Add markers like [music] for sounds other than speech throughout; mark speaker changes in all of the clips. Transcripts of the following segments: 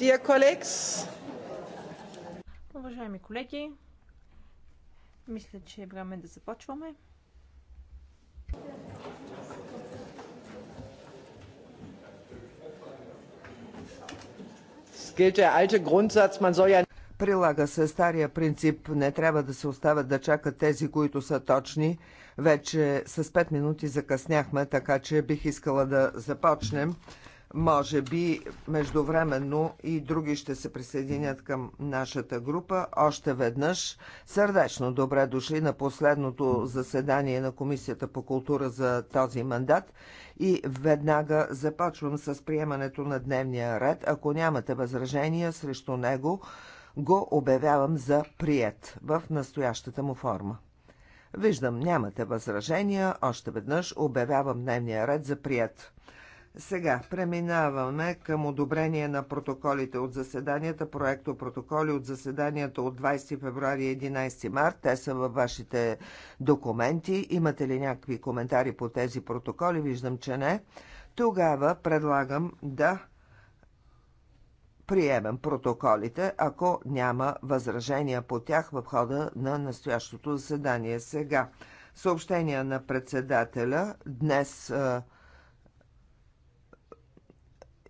Speaker 1: Dear colleagues. Уважаеми колеги, мисля, че е време да започваме.
Speaker 2: Прилага се стария принцип не трябва да се остават да чакат тези, които са точни. Вече с 5 минути закъсняхме, така че бих искала да започнем. Може би междувременно и други ще се присъединят към нашата група. Още веднъж сърдечно добре дошли на последното заседание на Комисията по култура за този мандат и веднага започвам с приемането на дневния ред. Ако нямате възражения срещу него, го обявявам за прият в настоящата му форма. Виждам, нямате възражения, още веднъж обявявам дневния ред за прият. Сега преминаваме към одобрение на протоколите от заседанията, проекто протоколи от заседанията от 20 февруари и 11 март. Те са във вашите документи. Имате ли някакви коментари по тези протоколи? Виждам, че не. Тогава предлагам да приемем протоколите, ако няма възражения по тях в хода на настоящото заседание. Сега съобщения на председателя. Днес е,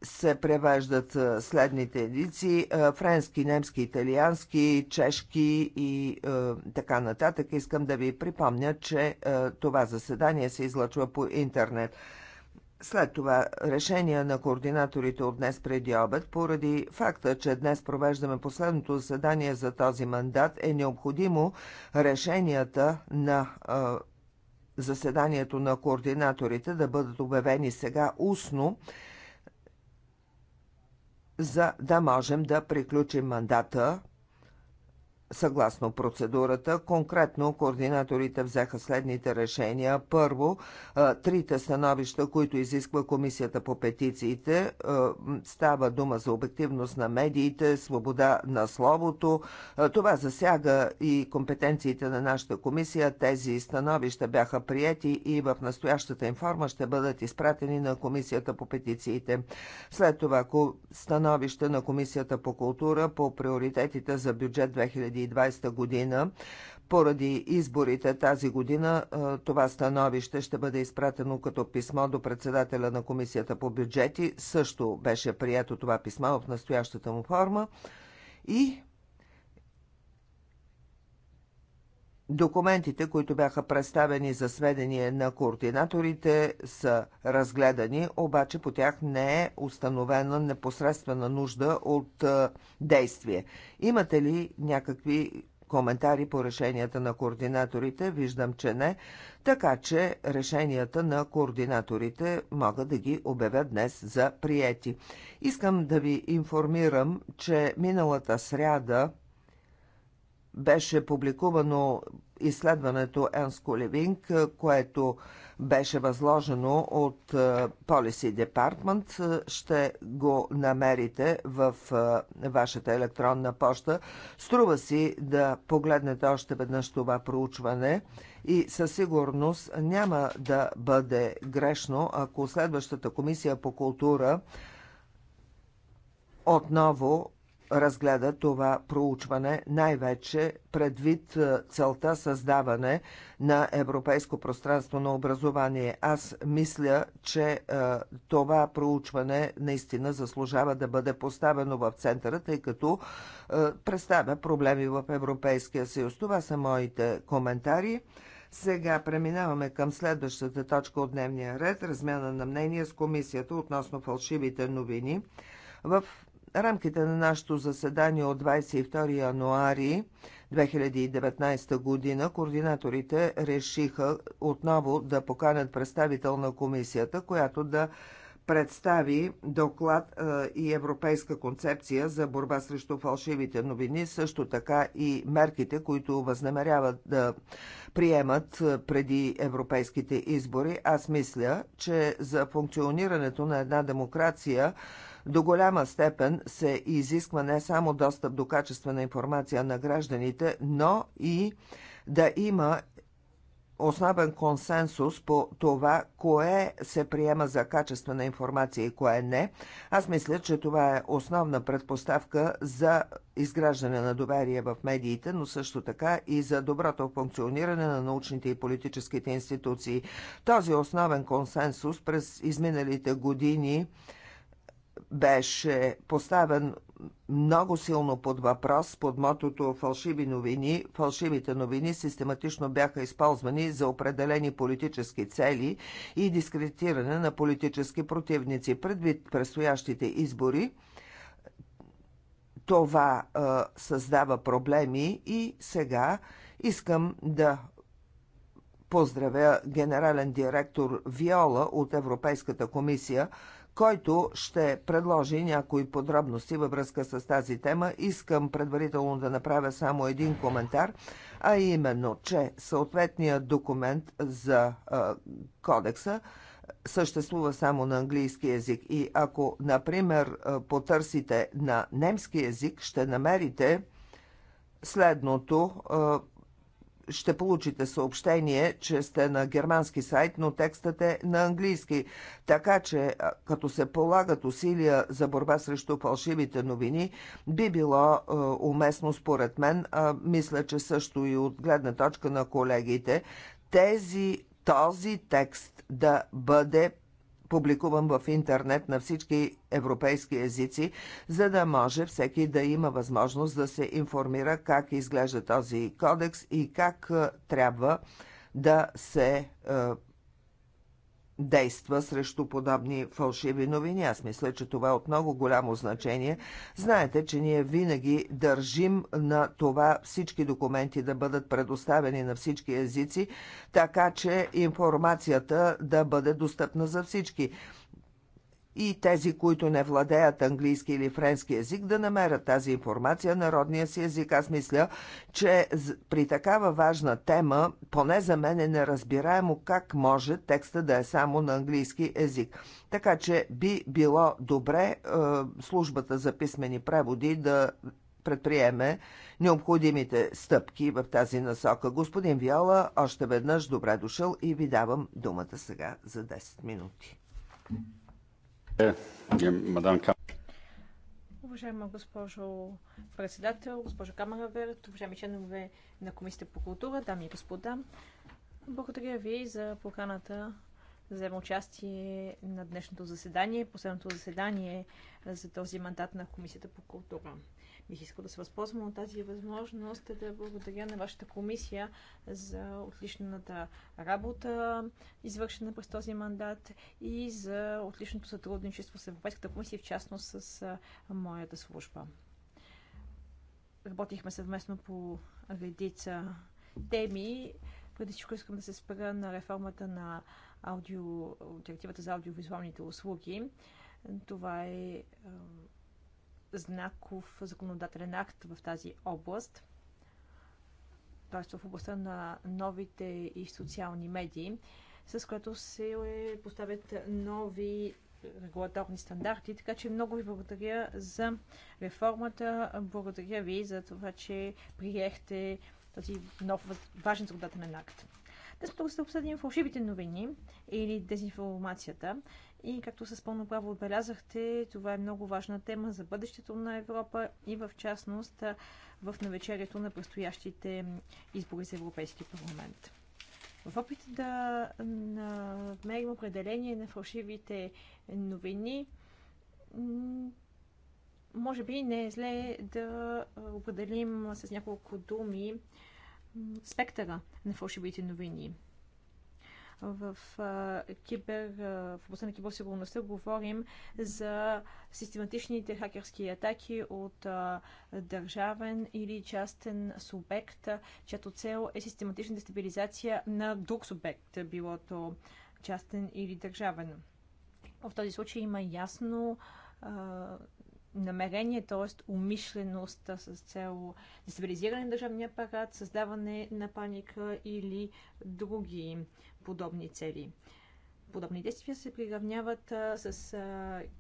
Speaker 2: се превеждат следните езици френски, немски, италиански, чешки и е, така нататък. Искам да ви припомня, че е, това заседание се излъчва по интернет. След това решение на координаторите от днес преди обед, поради факта, че днес провеждаме последното заседание за този мандат, е необходимо решенията на е, заседанието на координаторите да бъдат обявени сега устно за да можем да приключим мандата съгласно процедурата. Конкретно координаторите взеха следните решения. Първо, трите становища, които изисква Комисията по петициите, става дума за обективност на медиите, свобода на словото. Това засяга и компетенциите на нашата комисия. Тези становища бяха приети и в настоящата информа ще бъдат изпратени на Комисията по петициите. След това становище на Комисията по култура по приоритетите за бюджет 2020 2020 година. Поради изборите тази година това становище ще бъде изпратено като писмо до председателя на Комисията по бюджети. Също беше прието това писмо в настоящата му форма. И Документите, които бяха представени за сведение на координаторите, са разгледани, обаче по тях не е установена непосредствена нужда от е, действие. Имате ли някакви коментари по решенията на координаторите? Виждам, че не. Така че решенията на координаторите мога да ги обявя днес за приети. Искам да ви информирам, че миналата сряда беше публикувано изследването Енско Левинг, което беше възложено от е, Policy Department. Ще го намерите в е, вашата електронна поща. Струва си да погледнете още веднъж това проучване и със сигурност няма да бъде грешно, ако следващата комисия по култура отново разгледа това проучване, най-вече предвид е, целта създаване на Европейско пространство на образование. Аз мисля, че е, това проучване наистина заслужава да бъде поставено в центъра, тъй като е, представя проблеми в Европейския съюз. Това са моите коментари. Сега преминаваме към следващата точка от дневния ред размяна на мнения с комисията относно фалшивите новини в рамките на нашето заседание от 22 януари 2019 година координаторите решиха отново да поканят представител на комисията, която да представи доклад е, и европейска концепция за борба срещу фалшивите новини, също така и мерките, които възнамеряват да приемат е, преди европейските избори. Аз мисля, че за функционирането на една демокрация до голяма степен се изисква не само достъп до качествена информация на гражданите, но и да има основен консенсус по това, кое се приема за качествена информация и кое не. Аз мисля, че това е основна предпоставка за изграждане на доверие в медиите, но също така и за доброто функциониране на научните и политическите институции. Този основен консенсус през изминалите години беше поставен много силно под въпрос под мотото фалшиви новини. Фалшивите новини систематично бяха използвани за определени политически цели и дискредитиране на политически противници. Предвид предстоящите избори, това а, създава проблеми и сега искам да поздравя генерален директор Виола от Европейската комисия, който ще предложи някои подробности във връзка с тази тема. Искам предварително да направя само един коментар, а именно, че съответният документ за а, кодекса съществува само на английски язик. И ако, например, потърсите на немски язик, ще намерите следното ще получите съобщение, че сте на германски сайт, но текстът е на английски. Така че, като се полагат усилия за борба срещу фалшивите новини, би било е, уместно според мен, а мисля, че също и от гледна точка на колегите, тези, този текст да бъде публикувам в интернет на всички европейски езици, за да може всеки да има възможност да се информира как изглежда този кодекс и как трябва да се действа срещу подобни фалшиви новини. Аз мисля, че това е от много голямо значение. Знаете, че ние винаги държим на това всички документи да бъдат предоставени на всички езици, така че информацията да бъде достъпна за всички и тези, които не владеят английски или френски език, да намерят тази информация народния си език. Аз мисля, че при такава важна тема, поне за мен е неразбираемо как може текста да е само на английски език. Така че би било добре е, службата за писмени преводи да предприеме необходимите стъпки в тази насока. Господин Виола, още веднъж добре дошъл и ви давам думата сега за 10 минути. Е, е,
Speaker 1: Уважаема госпожо председател, госпожо Камараверт, уважаеми членове на Комисията по култура, дами и господа, благодаря ви за поканата да взема участие на днешното заседание, последното заседание за този мандат на Комисията по култура. Бих искал да се възползвам от тази възможност да благодаря на вашата комисия за отличната работа, извършена през този мандат и за отличното сътрудничество с Европейската комисия, в частност с моята служба. Работихме съвместно по редица теми. Преди всичко искам да се спра на реформата на аудио, директивата за аудиовизуалните услуги. Това е знаков законодателен акт в тази област, т.е. в областта на новите и социални медии, с което се поставят нови регулаторни стандарти. Така че много ви благодаря за реформата. Благодаря ви за това, че приехте този нов важен законодателен акт. Днес тук се обсъдим фалшивите новини или дезинформацията. И както с пълно право отбелязахте, това е много важна тема за бъдещето на Европа и в частност в навечерието на предстоящите избори за Европейски парламент. В опит да намерим определение на фалшивите новини, може би не е зле да определим с няколко думи спектъра на фалшивите новини в, кибер, в областта на киберсигурността говорим за систематичните хакерски атаки от държавен или частен субект, чиято цел е систематична дестабилизация на друг субект, било то частен или държавен. В този случай има ясно намерение, т.е. умишленост с цел дестабилизиране на държавния апарат, създаване на паника или други подобни цели. Подобни действия се приравняват с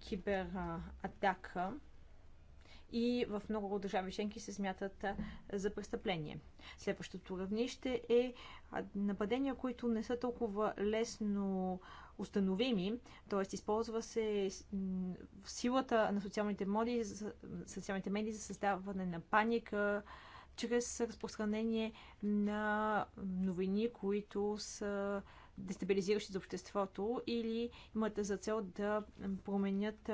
Speaker 1: кибератака и в много държави членки се смятат за престъпление. Следващото равнище е нападения, които не са толкова лесно установими, т.е. използва се силата на социалните, моди, социалните медии за създаване на паника, чрез разпространение на новини, които са дестабилизиращи за обществото или имат за цел да променят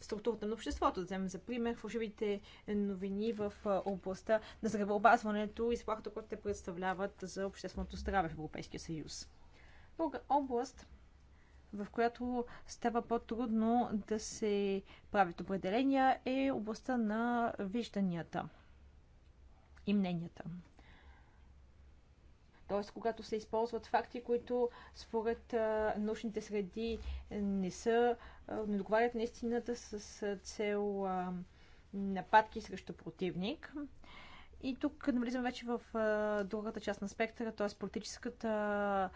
Speaker 1: структурата на обществото. Да вземем за пример фалшивите новини в областта на здравеопазването и сплахата, която те представляват за общественото здраве в Европейския съюз област, в която става по-трудно да се правят определения, е областта на вижданията и мненията. Тоест, когато се използват факти, които според а, научните среди не са, а, не договарят на истината с цел нападки срещу противник. И тук навлизаме вече в другата част на спектъра, т.е. политическата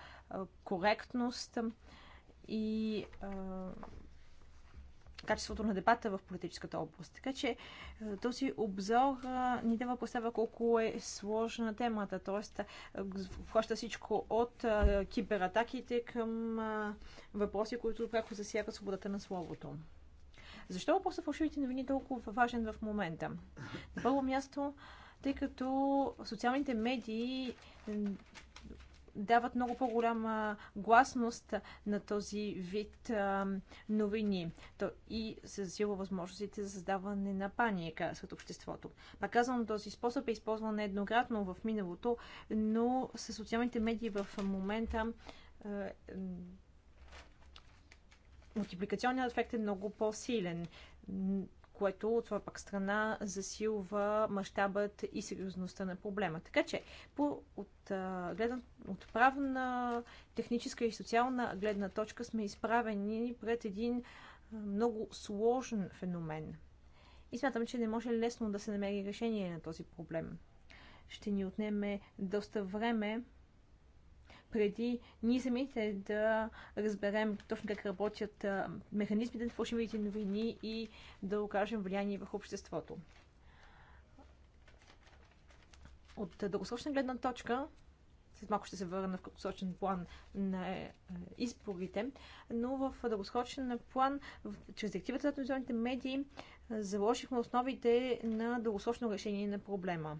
Speaker 1: коректност и качеството на дебата в политическата област. Така че този обзор ни дава представа колко е сложна темата. т.е. вхваща всичко от кибератаките към въпроси, които пряко засягат свободата на словото. Защо въпросът фалшивите новини е толкова важен в момента? На първо място, тъй като социалните медии дават много по-голяма гласност на този вид а, новини То и се засилва възможностите за създаване на паника сред обществото. Пак казвам, този способ е използван нееднократно в миналото, но с социалните медии в момента е, мултипликационният ефект е много по-силен което от своя пак страна засилва мащабът и сериозността на проблема. Така че, по, от, а, гледна, от правна, техническа и социална гледна точка сме изправени пред един много сложен феномен. И смятам, че не може лесно да се намери решение на този проблем. Ще ни отнеме доста време преди ние самите да разберем точно как работят механизмите на фалшивите новини и да окажем влияние върху обществото. От дългосрочна гледна точка, след малко ще се върна в краткосрочен план на е, изборите, но в дългосрочен план, чрез директивата на телевизионните медии, заложихме основите на дългосрочно решение на проблема.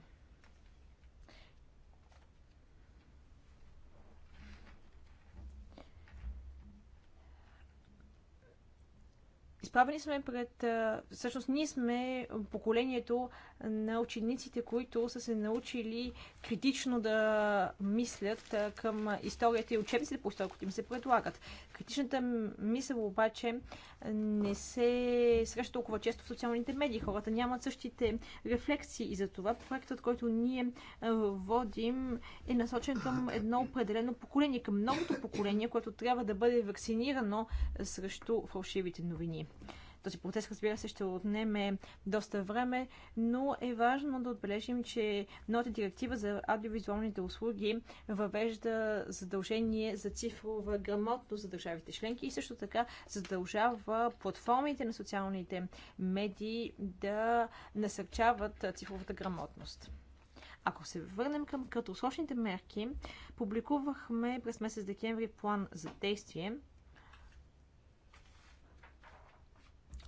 Speaker 1: Изправени сме пред... Всъщност ние сме поколението на учениците, които са се научили критично да мислят към историята и учебниците по история, които им се предлагат. Критичната мисъл обаче не се среща толкова често в социалните медии. Хората нямат същите рефлексии и за това проектът, който ние водим е насочен към едно определено поколение, към новото поколение, което трябва да бъде вакцинирано срещу фалшивите новини. Този процес, разбира се, ще отнеме доста време, но е важно да отбележим, че новата директива за аудиовизуалните услуги въвежда задължение за цифрова грамотност за държавите членки и също така задължава платформите на социалните медии да насърчават цифровата грамотност. Ако се върнем към краткосрочните мерки, публикувахме през месец декември план за действие –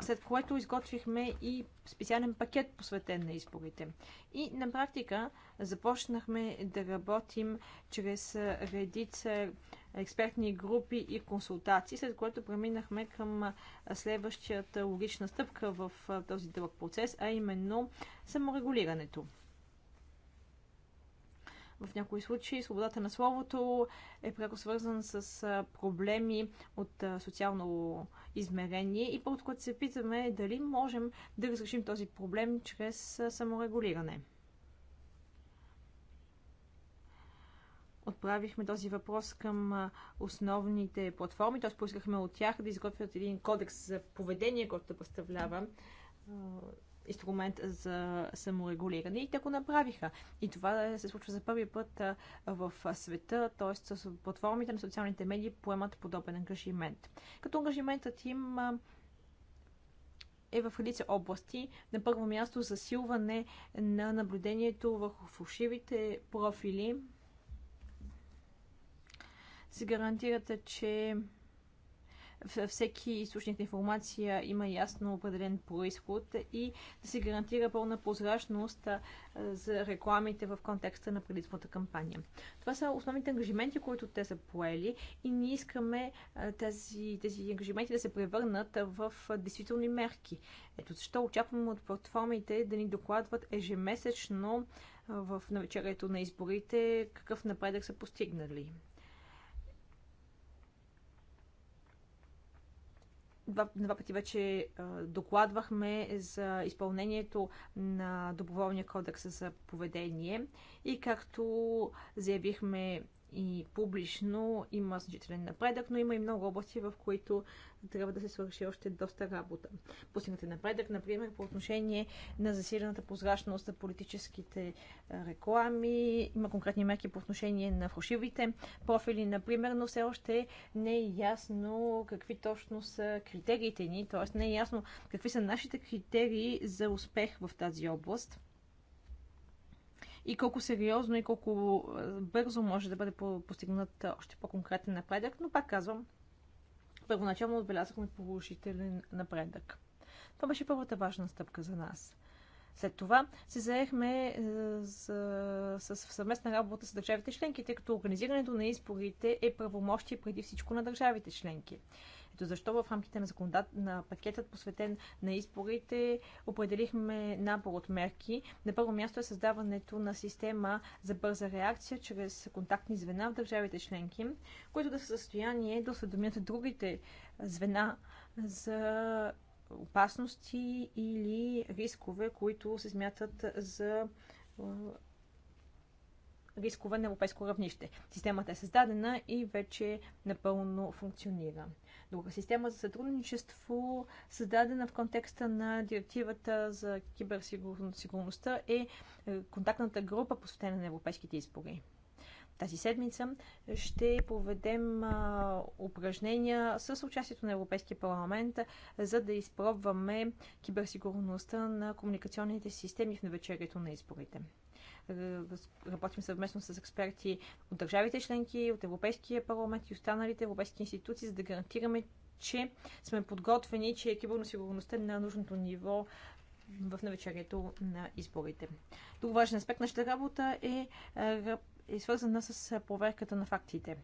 Speaker 1: след което изготвихме и специален пакет посветен на изборите. И на практика започнахме да работим чрез редица експертни групи и консултации, след което преминахме към следващата логична стъпка в този дълъг процес, а именно саморегулирането. В някои случаи свободата на словото е пряко свързан с проблеми от социално измерение и първото, което се питаме е дали можем да разрешим този проблем чрез саморегулиране. отправихме този въпрос към основните платформи, т.е. поискахме от тях да изготвят един кодекс за поведение, който да представлява инструмент за саморегулиране и те го направиха. И това се случва за първи път в света, т.е. с платформите на социалните медии поемат подобен ангажимент. Като ангажиментът им е в редица области. На първо място засилване на наблюдението върху фалшивите профили. Се гарантирате, че всеки източник на информация има ясно определен происход и да се гарантира пълна прозрачност за рекламите в контекста на предизборната кампания. Това са основните ангажименти, които те са поели и ние искаме тези, тези ангажименти да се превърнат в действителни мерки. Ето защо очакваме от платформите да ни докладват ежемесечно в навечерието на изборите какъв напредък са постигнали. два, два пъти вече докладвахме за изпълнението на доброволния кодекс за поведение и както заявихме и публично има значителен напредък, но има и много области, в които трябва да се свърши още доста работа. Постигнат е напредък, например, по отношение на засилената прозрачност на политическите е, реклами. Има конкретни мерки по отношение на фалшивите профили, например, но все още не е ясно какви точно са критериите ни, т.е. не е ясно какви са нашите критерии за успех в тази област и колко сериозно и колко бързо може да бъде постигнат още по-конкретен напредък, но пак казвам, първоначално отбелязахме положителен напредък. Това беше първата важна стъпка за нас. След това се заехме е, с, с съвместна работа с държавите членки, тъй като организирането на изборите е правомощие преди всичко на държавите членки. Ето защо в рамките на, законодат... на пакетът посветен на изборите определихме набор от мерки. На първо място е създаването на система за бърза реакция чрез контактни звена в държавите членки, които да са в състояние да осведомят другите звена за опасности или рискове, които се смятат за рискове на европейско равнище. Системата е създадена и вече напълно функционира друга система за сътрудничество, създадена в контекста на директивата за киберсигурността, е, е контактната група, посветена на европейските избори. Тази седмица ще проведем упражнения с участието на Европейския парламент, за да изпробваме киберсигурността на комуникационните системи в навечерието на изборите. Е, работим съвместно с експерти от държавите членки, от Европейския парламент и останалите европейски институции, за да гарантираме, че сме подготвени, че киберносигурността е на нужното ниво в навечерието на изборите. Друг важен аспект на нашата работа е, е, е свързана с проверката на фактите.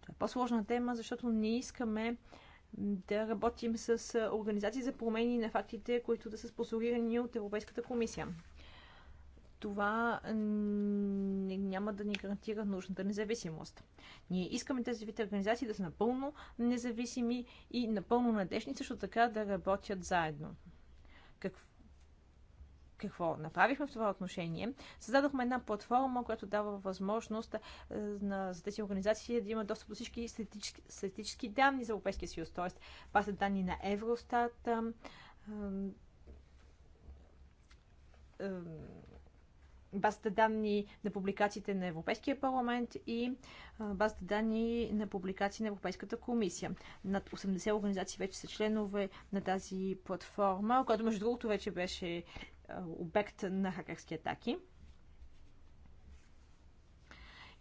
Speaker 1: Това е по-сложна тема, защото не искаме да работим с е, организации за промени на фактите, които да са спонсорирани от Европейската комисия това няма да ни гарантира нужната независимост. Ние искаме тези вид организации да са напълно независими и напълно надежни, също така да работят заедно. Какво какво направихме в това отношение? Създадохме една платформа, която дава възможност е, на, за тези организации да имат достъп до всички статистически, данни за Европейския съюз, т.е. това данни на Евростат, базата данни на публикациите на Европейския парламент и базата данни на публикации на Европейската комисия. Над 80 организации вече са членове на тази платформа, която между другото вече беше обект на хакерски атаки.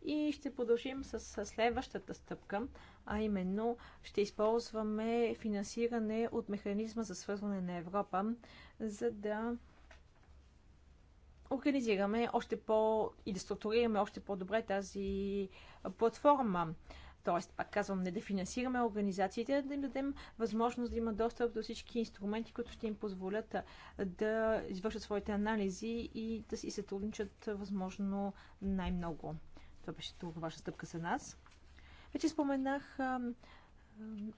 Speaker 1: И ще продължим с следващата стъпка, а именно ще използваме финансиране от механизма за свързване на Европа, за да организираме още по и да структурираме още по-добре тази платформа. Тоест, пак казвам, не да финансираме организациите, а да им дадем възможност да има достъп до всички инструменти, които ще им позволят да извършат своите анализи и да си сътрудничат възможно най-много. Това беше тук ваша стъпка за нас. Вече споменах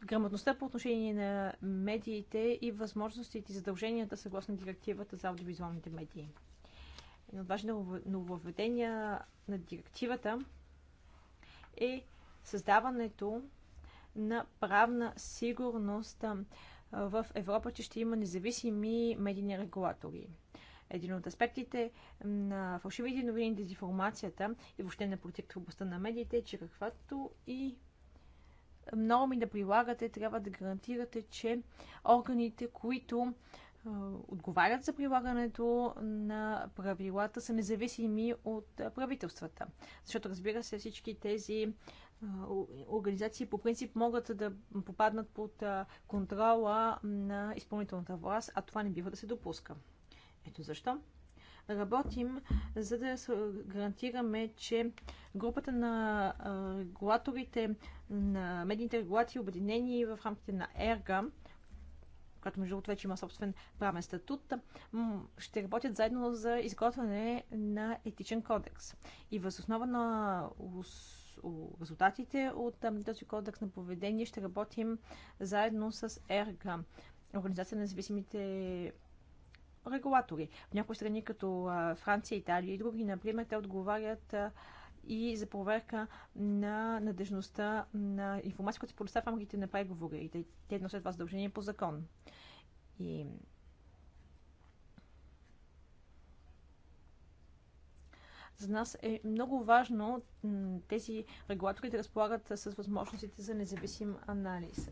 Speaker 1: грамотността по отношение на медиите и възможностите и задълженията съгласно директивата за аудиовизуалните медии едно от важни нововведения на директивата е създаването на правна сигурност в Европа, че ще има независими медийни регулатори. Един от аспектите на фалшивите новини, дезинформацията и въобще на политиката в областта на медиите е, че каквато и норми да прилагате, трябва да гарантирате, че органите, които отговарят за прилагането на правилата, са независими от правителствата. Защото, разбира се, всички тези организации по принцип могат да попаднат под контрола на изпълнителната власт, а това не бива да се допуска. Ето защо работим, за да гарантираме, че групата на регулаторите, на медийните регулации, обединени в рамките на ЕРГА, която между другото вече има собствен правен статут, ще работят заедно за изготвяне на етичен кодекс. И възоснова на резултатите от този кодекс на поведение ще работим заедно с ЕРГА, Организация на независимите регулатори. В някои страни, като Франция, Италия и други, например, те отговарят и за проверка на надежността на информация, която се предоставя в рамките на преговорите. Те носят това задължение по закон. И за нас е много важно тези регулатори да разполагат с възможностите за независим анализ.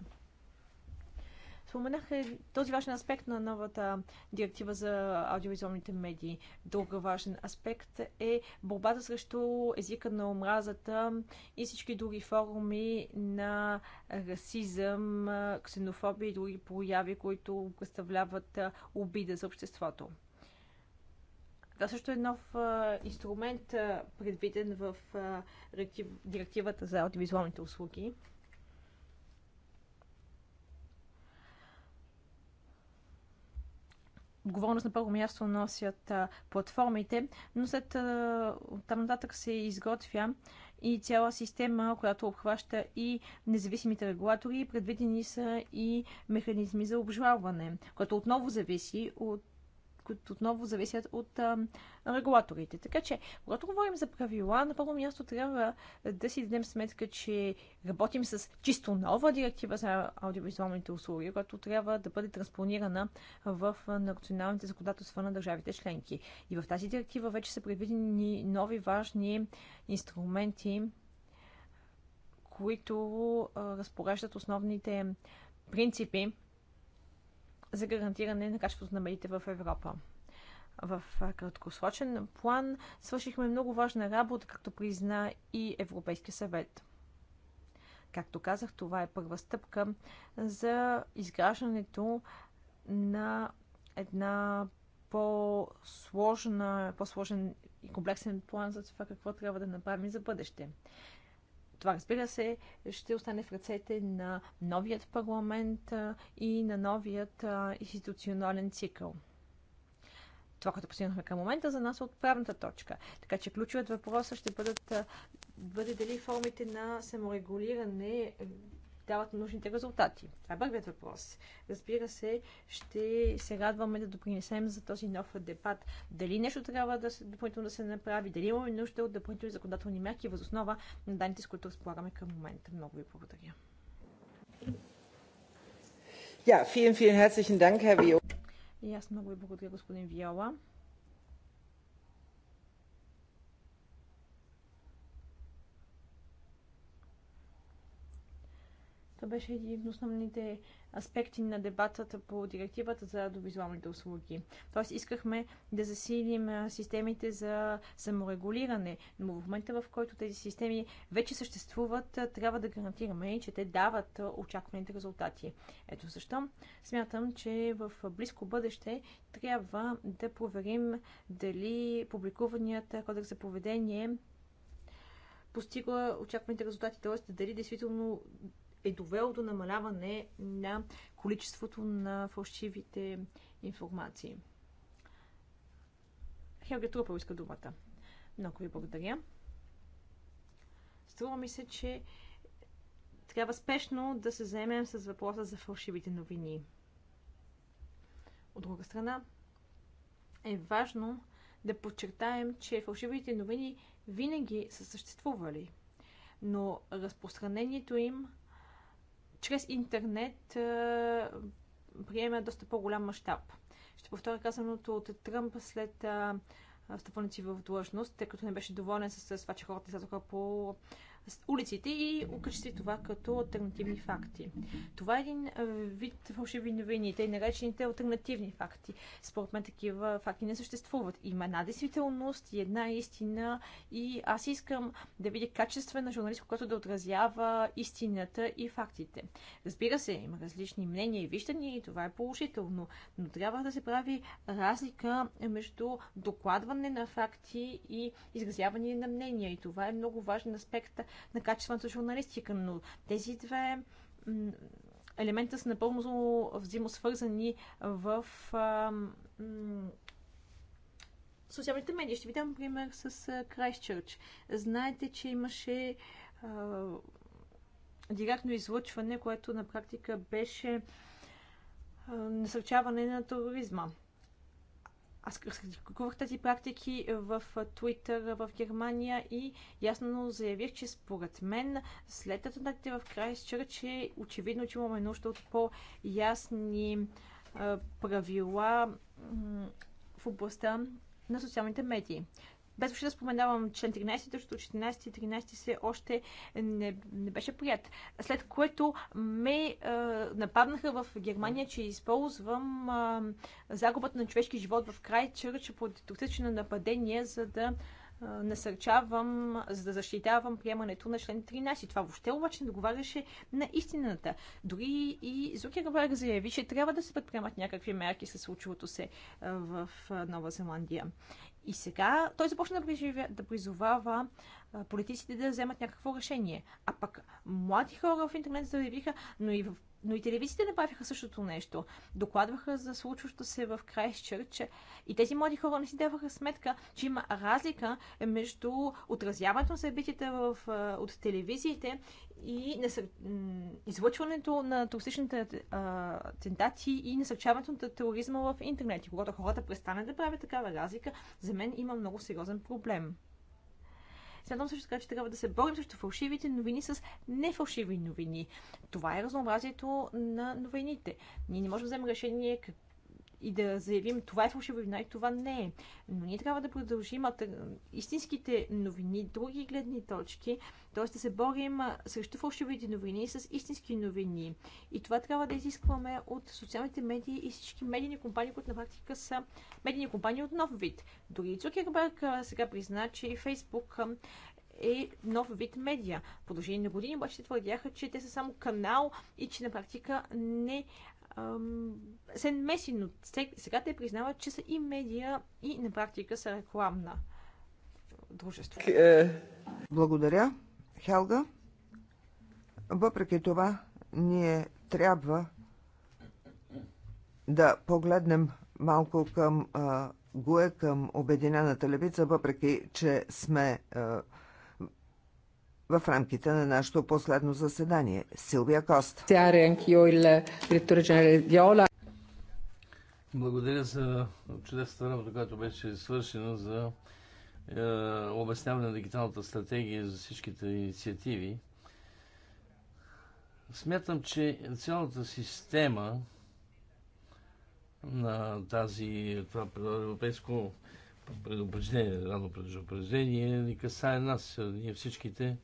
Speaker 1: Споменах този важен аспект на новата директива за аудиовизуалните медии. Друг важен аспект е борбата срещу езика на омразата и всички други форуми на расизъм, ксенофобия и други прояви, които представляват обида за обществото. Това също е нов а, инструмент, а, предвиден в а, директивата за аудиовизуалните услуги. Отговорност на първо място носят платформите, но след там нататък се изготвя и цяла система, която обхваща и независимите регулатори. Предвидени са и механизми за обжалване, което отново зависи от които отново зависят от а, регулаторите. Така че, когато говорим за правила, на първо място трябва да си дадем сметка, че работим с чисто нова директива за аудиовизуалните услуги, която трябва да бъде транспонирана в националните законодателства на държавите членки. И в тази директива вече са предвидени нови важни инструменти, които а, разпореждат основните принципи за гарантиране на качеството на медите в Европа. В краткосрочен план свършихме много важна работа, както призна и Европейския съвет. Както казах, това е първа стъпка за изграждането на една по-сложна, по-сложен и комплексен план за това какво трябва да направим за бъдеще. Това, разбира се, ще остане в ръцете на новият парламент и на новият институционален цикъл. Това, което постигнахме към момента, за нас е отправната точка. Така че ключовият въпрос ще бъдат, бъде дали формите на саморегулиране дават нужните резултати? Това е първият въпрос. Разбира се, ще се радваме да допринесем за този нов дебат. Дали нещо трябва да се, допълнително да се направи, дали имаме нужда от допълнителни законодателни мерки основа на данните, с които разполагаме към момента. Много ви благодаря.
Speaker 2: Ja, vielen, vielen herzlichen Dank, Herr Viola.
Speaker 1: И аз много ви благодаря, господин Виола. Това беше един от основните аспекти на дебатата по директивата за довизуалните услуги. Тоест искахме да засилим системите за саморегулиране, но в момента в който тези системи вече съществуват, трябва да гарантираме, че те дават очакваните резултати. Ето защо смятам, че в близко бъдеще трябва да проверим дали публикуваният кодекс за поведение постига очакваните резултати, т.е. дали действително е довело до намаляване на количеството на фалшивите информации. Хелга Трупа иска думата. Много ви благодаря. Струва ми се, че трябва спешно да се заемем с въпроса за фалшивите новини. От друга страна, е важно да подчертаем, че фалшивите новини винаги са съществували, но разпространението им чрез интернет приема доста по-голям мащаб. Ще повторя казаното от Тръмп след встъпването си в длъжност, тъй като не беше доволен с това, че хората излязоха по улиците и окачестви това като альтернативни факти. Това е един вид фалшиви новини, тъй наречените альтернативни факти. Според мен такива факти не съществуват. Има една действителност и една истина и аз искам да видя качествена журналист, която да отразява истината и фактите. Разбира се, има различни мнения и виждания и това е положително, но трябва да се прави разлика между докладване на факти и изразяване на мнения. И това е много важен аспект на качествената журналистика, но тези две елемента са напълно взаимосвързани в а, социалните медии. Ще ви дам пример с Christchurch. Знаете, че имаше а, директно излъчване, което на практика беше а, насърчаване на тероризма. Аз разкритикувах тези практики в Твитър в Германия и ясно заявих, че според мен след атентатите в Крайсчърч е очевидно, че имаме нужда от по-ясни правила в областта на социалните медии. Без въобще да споменавам член 13, защото 14 и 13 се още не, не беше прият. След което ме а, е, нападнаха в Германия, че използвам а, е, загубата на човешки живот в край Чърч по токсична нападение, за да е, насърчавам, за да защитавам приемането на член 13. Това въобще обаче не договаряше на истината. Дори и Зукерберг заяви, че трябва да се предприемат някакви мерки с случилото се в Нова Зеландия. И сега той започна да, приживя, да призовава политиците да вземат някакво решение. А пък млади хора в интернет заявиха, но и в но и телевизиите направиха същото нещо. Докладваха за случващо се в Крайсчърч и тези млади хора не си даваха сметка, че има разлика между отразяването на събитията в, от телевизиите и несъ... излъчването на токсичните тентации и насърчаването на тероризма в интернет. И когато хората престанат да правят такава разлика, за мен има много сериозен проблем. Смятам също така, че трябва да се борим срещу фалшивите новини с нефалшиви новини. Това е разнообразието на новините. Ние не можем да вземем решение и да заявим това е фалшива вина и това не е. Но ние трябва да продължим е, истинските новини, други гледни точки, т.е. да се борим срещу фалшивите новини с истински новини. И това трябва да изискваме от социалните медии и всички медийни компании, които на практика са медийни компании от нов вид. Дори Цукерберг сега призна, че и Фейсбук е нов вид медия. В продължение на години обаче твърдяха, че те са само канал и че на практика не се меси, но сега те признават, че са и медия и на практика са рекламна дружество.
Speaker 2: Е, Благодаря, Хелга. Въпреки това, ние трябва да погледнем малко към а, ГУЕ, към Обединената левица, въпреки че сме а, в рамките на нашето последно заседание. Силвия Кост. Благодаря
Speaker 3: за чудесната работа, която беше свършена за е, обясняване на дигиталната стратегия за всичките инициативи. Смятам, че цялата система на тази, това европейско предупреждение, рано предупреждение, ни касае нас. Ние всичките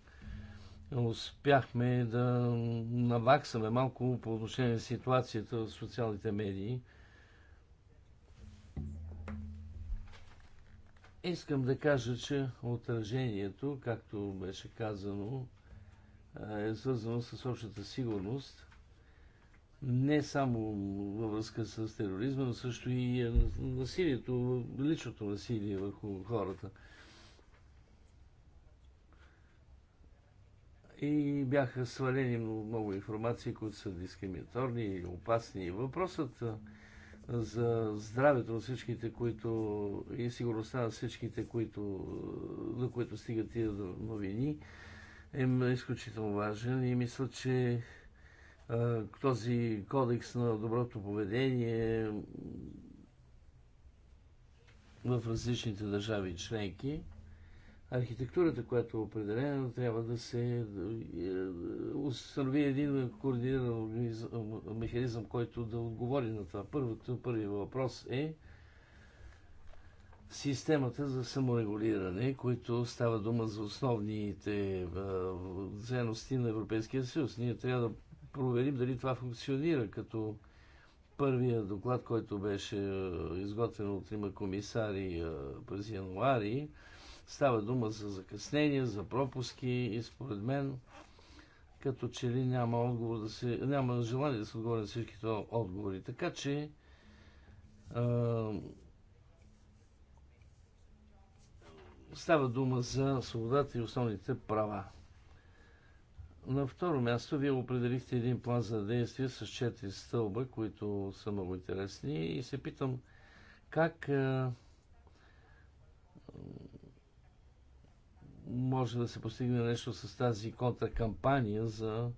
Speaker 3: успяхме да наваксаме малко по отношение на ситуацията в социалните медии. Искам да кажа, че отражението, както беше казано, е свързано с общата сигурност, не само във връзка с тероризма, но също и е насилието, личното насилие върху хората. и бяха свалени много, много информации, които са дискриминаторни и опасни. Въпросът за здравето на всичките, които и сигурността на всичките, които, на които стигат тия новини, е изключително важен и мисля, че а, този кодекс на доброто поведение в различните държави членки архитектурата, която е определена, трябва да се е, установи един координиран механизъм, който да отговори на това. Първото, първият въпрос е системата за саморегулиране, които става дума за основните е, ценности на Европейския съюз. Ние трябва да проверим дали това функционира като първия доклад, който беше е, изготвен от трима комисари през януари, Става дума за закъснения, за пропуски и според мен като че ли няма, отговор да се, няма желание да се отговори на всички това отговори. Така че а, става дума за свободата и основните права. На второ място вие определихте един план за действие с четири стълба, които са много интересни и се питам как а, може да се постигне нещо с тази контракампания за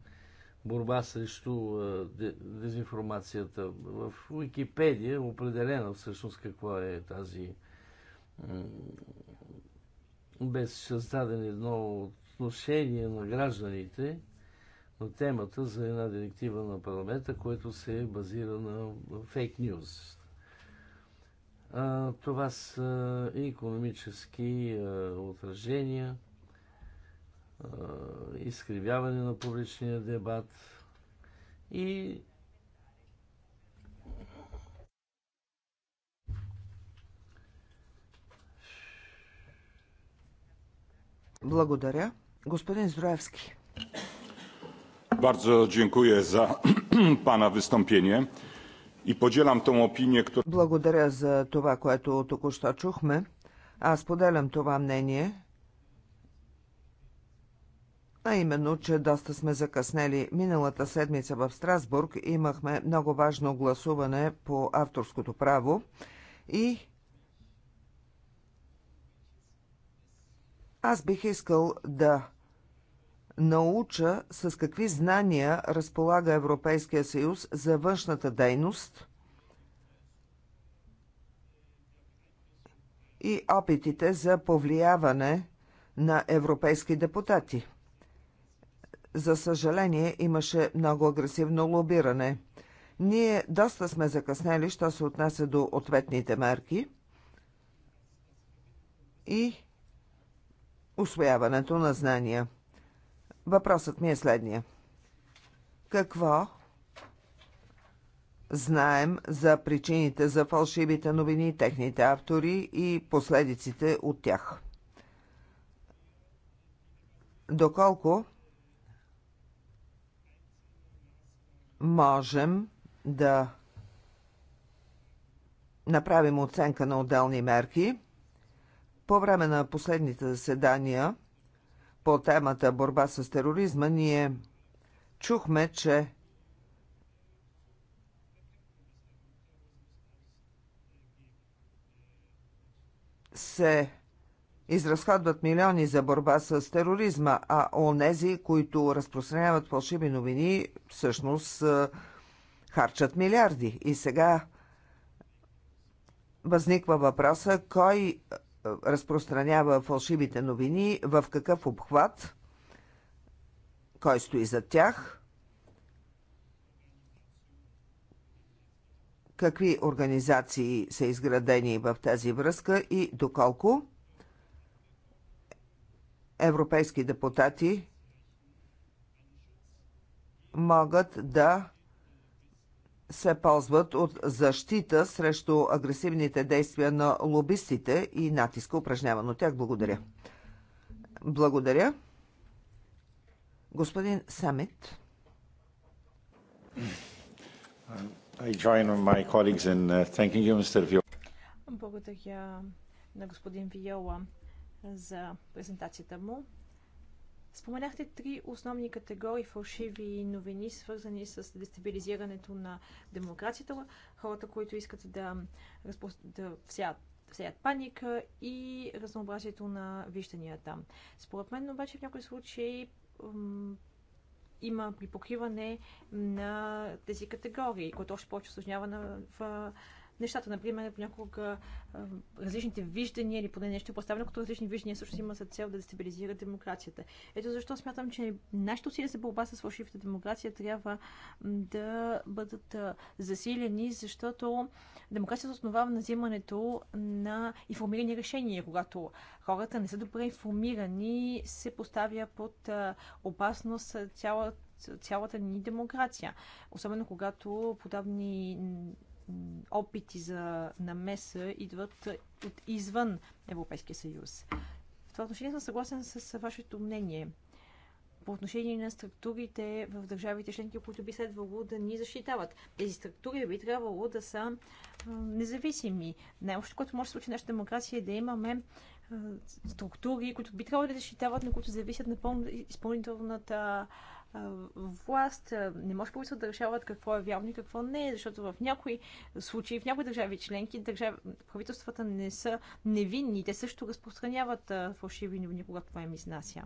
Speaker 3: борба срещу дезинформацията. В Уикипедия е определено всъщност какво е тази без създаден едно отношение на гражданите на темата за една директива на парламента, което се базира на фейк нюз това са економически отражения, изкривяване на публичния дебат и
Speaker 2: Благодаря. Господин Здроевски. Bardzo dziękuję za [clears throat] pana wystąpienie и поделям тъм опиния, кто... Благодаря за това, което току-що чухме. Аз поделям това мнение, а именно, че доста сме закъснели. Миналата седмица в Страсбург имахме много важно гласуване по авторското право и аз бих искал да науча с какви знания разполага Европейския съюз за външната дейност и опитите за повлияване на европейски депутати. За съжаление, имаше много агресивно лобиране. Ние доста сме закъснели, що се отнася до ответните мерки и освояването на знания. Въпросът ми е следния. Какво знаем за причините за фалшивите новини, техните автори и последиците от тях? Доколко можем да направим оценка на отделни мерки. По време на последните заседания по темата борба с тероризма, ние чухме, че се изразходват милиони за борба с тероризма, а онези, които разпространяват фалшиви новини, всъщност харчат милиарди. И сега възниква въпроса, кой разпространява фалшивите новини, в какъв обхват, кой стои за тях, какви организации са изградени в тази връзка и доколко европейски депутати могат да се ползват от защита срещу агресивните действия на лобистите и натиска упражняван от тях. Благодаря. Благодаря. Господин Самет.
Speaker 3: Uh, you,
Speaker 1: Благодаря на господин Виола за презентацията му. Споменахте три основни категории фалшиви новини, свързани с дестабилизирането на демокрацията, хората, които искат да, разпро... да всят всеят паника и разнообразието на вижданията. Според мен обаче в някои случаи има припокриване на тези категории, което още повече осъжнява на, в нещата. Например, понякога различните виждания или поне нещо е поставено като различни виждания също има за цел да дестабилизира демокрацията. Ето защо смятам, че нашите усилия за борба с фалшивата демокрация трябва да бъдат засилени, защото демокрацията основава на взимането на информирани решения. Когато хората не са добре информирани, се поставя под опасност цялата цялата ни демокрация. Особено когато подобни опити за намеса идват от извън Европейския съюз. В това отношение съм съгласен с вашето мнение по отношение на структурите в държавите членки, които би следвало да ни защитават. Тези структури би трябвало да са независими. Най-общо, което може да случи нашата демокрация е да имаме структури, които би трябвало да защитават, на които зависят напълно изпълнителната власт. Не може повече да решават какво е вярно и какво не е, защото в някои случаи, в някои държави членки, държав... правителствата не са невинни. Те също разпространяват фалшиви новини, когато това им изнася.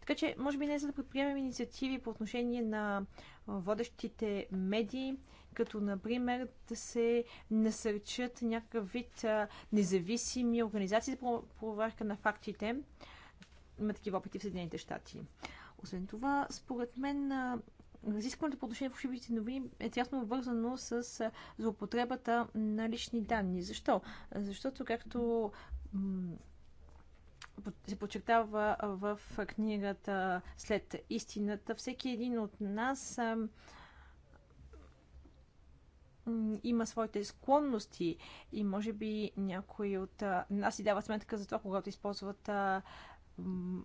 Speaker 1: Така че, може би не за да предприемем инициативи по отношение на водещите медии, като, например, да се насърчат някакъв вид независими организации за проверка на фактите. Има такива опити в Съединените щати. Освен това, според мен, разискването по отношение в фалшивите новини е тясно вързано с злоупотребата на лични данни. Защо? Защото, както се подчертава в книгата След истината, всеки един от нас има своите склонности и може би някои от нас си дават сметка за това, когато използват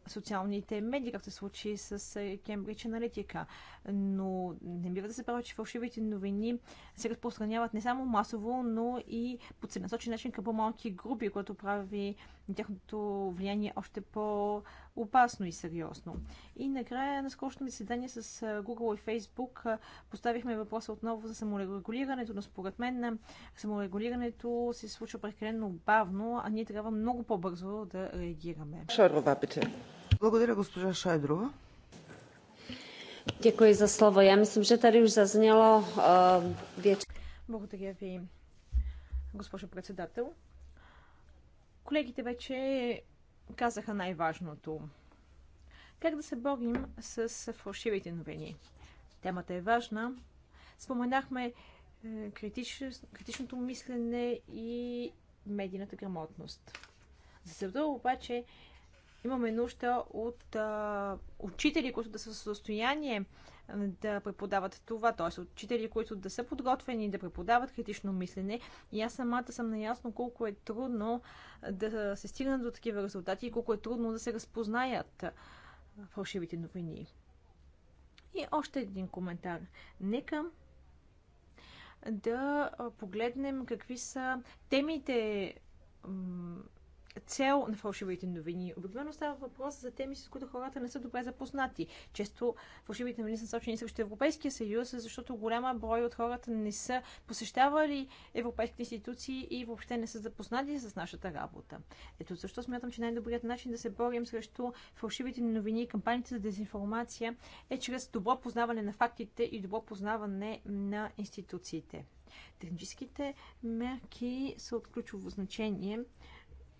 Speaker 1: социалните медии, както се случи с Кембридж Аналитика. Но не бива да се прави, че фалшивите новини се разпространяват не само масово, но и по целенасочен начин към по-малки групи, което прави тяхното влияние още по-опасно и сериозно. И накрая на скорошното ми заседание с Google и Facebook поставихме въпроса отново за саморегулирането, но според мен саморегулирането се случва прекалено бавно, а ние трябва много по-бързо да реагираме.
Speaker 2: Шарова, пите. Благодаря, госпожа Шайдрова. Děkuji za slovo. Já myslím, že tady už zaznělo uh,
Speaker 1: Благодаря ви, госпожо председател. Колегите вече казаха най-важното. Как да се борим с фалшивите новини? Темата е важна. Споменахме е, критич, критичното мислене и медийната грамотност. За целта обаче имаме нужда от а, учители, които да са в състояние да преподават това, т.е. учители, които да са подготвени да преподават критично мислене. И аз самата съм наясно колко е трудно да се стигнат до такива резултати и колко е трудно да се разпознаят фалшивите новини. И още един коментар. Нека да погледнем какви са темите цел на фалшивите новини. Обикновено става въпрос за теми, с които хората не са добре запознати. Често фалшивите новини са насочени срещу Европейския съюз, защото голяма брой от хората не са посещавали европейските институции и въобще не са запознати с нашата работа. Ето защо смятам, че най-добрият начин да се борим срещу фалшивите новини и кампаниите за дезинформация е чрез добро познаване на фактите и добро познаване на институциите. Техническите мерки са от ключово значение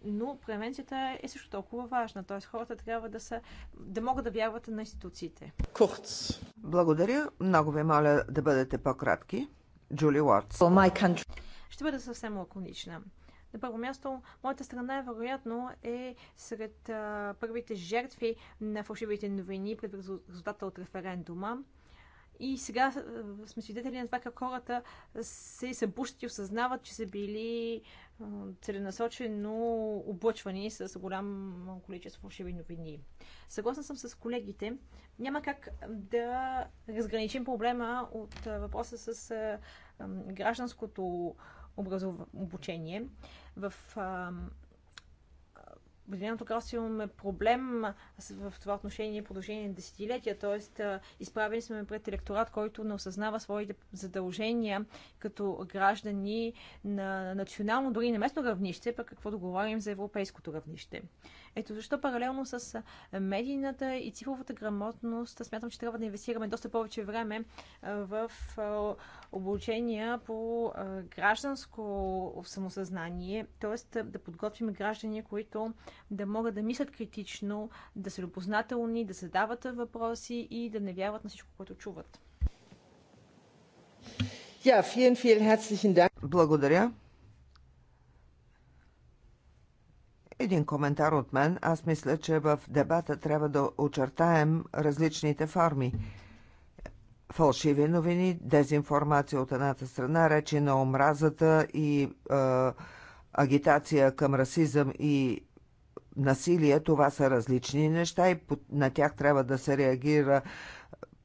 Speaker 1: но превенцията е също толкова важна. Т.е. хората трябва да, са, да могат да вярват на институциите.
Speaker 2: Курц. Благодаря. Много ви моля да бъдете по-кратки. Джули Уотс.
Speaker 1: Ще бъда съвсем лаконична. На първо място, моята страна е вероятно е сред а, първите жертви на фалшивите новини пред резултата от референдума. И сега сме свидетели на това как хората се събущат и осъзнават, че са били целенасочено облъчвани с голям количество фалшиви новини. Съгласна съм с колегите. Няма как да разграничим проблема от въпроса с гражданското образов... обучение. В Обединеното кралство имаме проблем в това отношение продължение на десетилетия, т.е. изправени сме пред електорат, който не осъзнава своите задължения като граждани на национално, дори и на местно равнище, пък какво да говорим за европейското равнище. Ето защо паралелно с медийната и цифровата грамотност смятам, че трябва да инвестираме доста повече време в обучения по гражданско самосъзнание, т.е. да подготвим граждани, които да могат да мислят критично, да са любознателни, да задават въпроси и да не вярват на всичко, което чуват.
Speaker 2: Благодаря. Един коментар от мен. Аз мисля, че в дебата трябва да очертаем различните форми. Фалшиви новини, дезинформация от едната страна, речи на омразата и е, агитация към расизъм и насилие, това са различни неща и на тях трябва да се реагира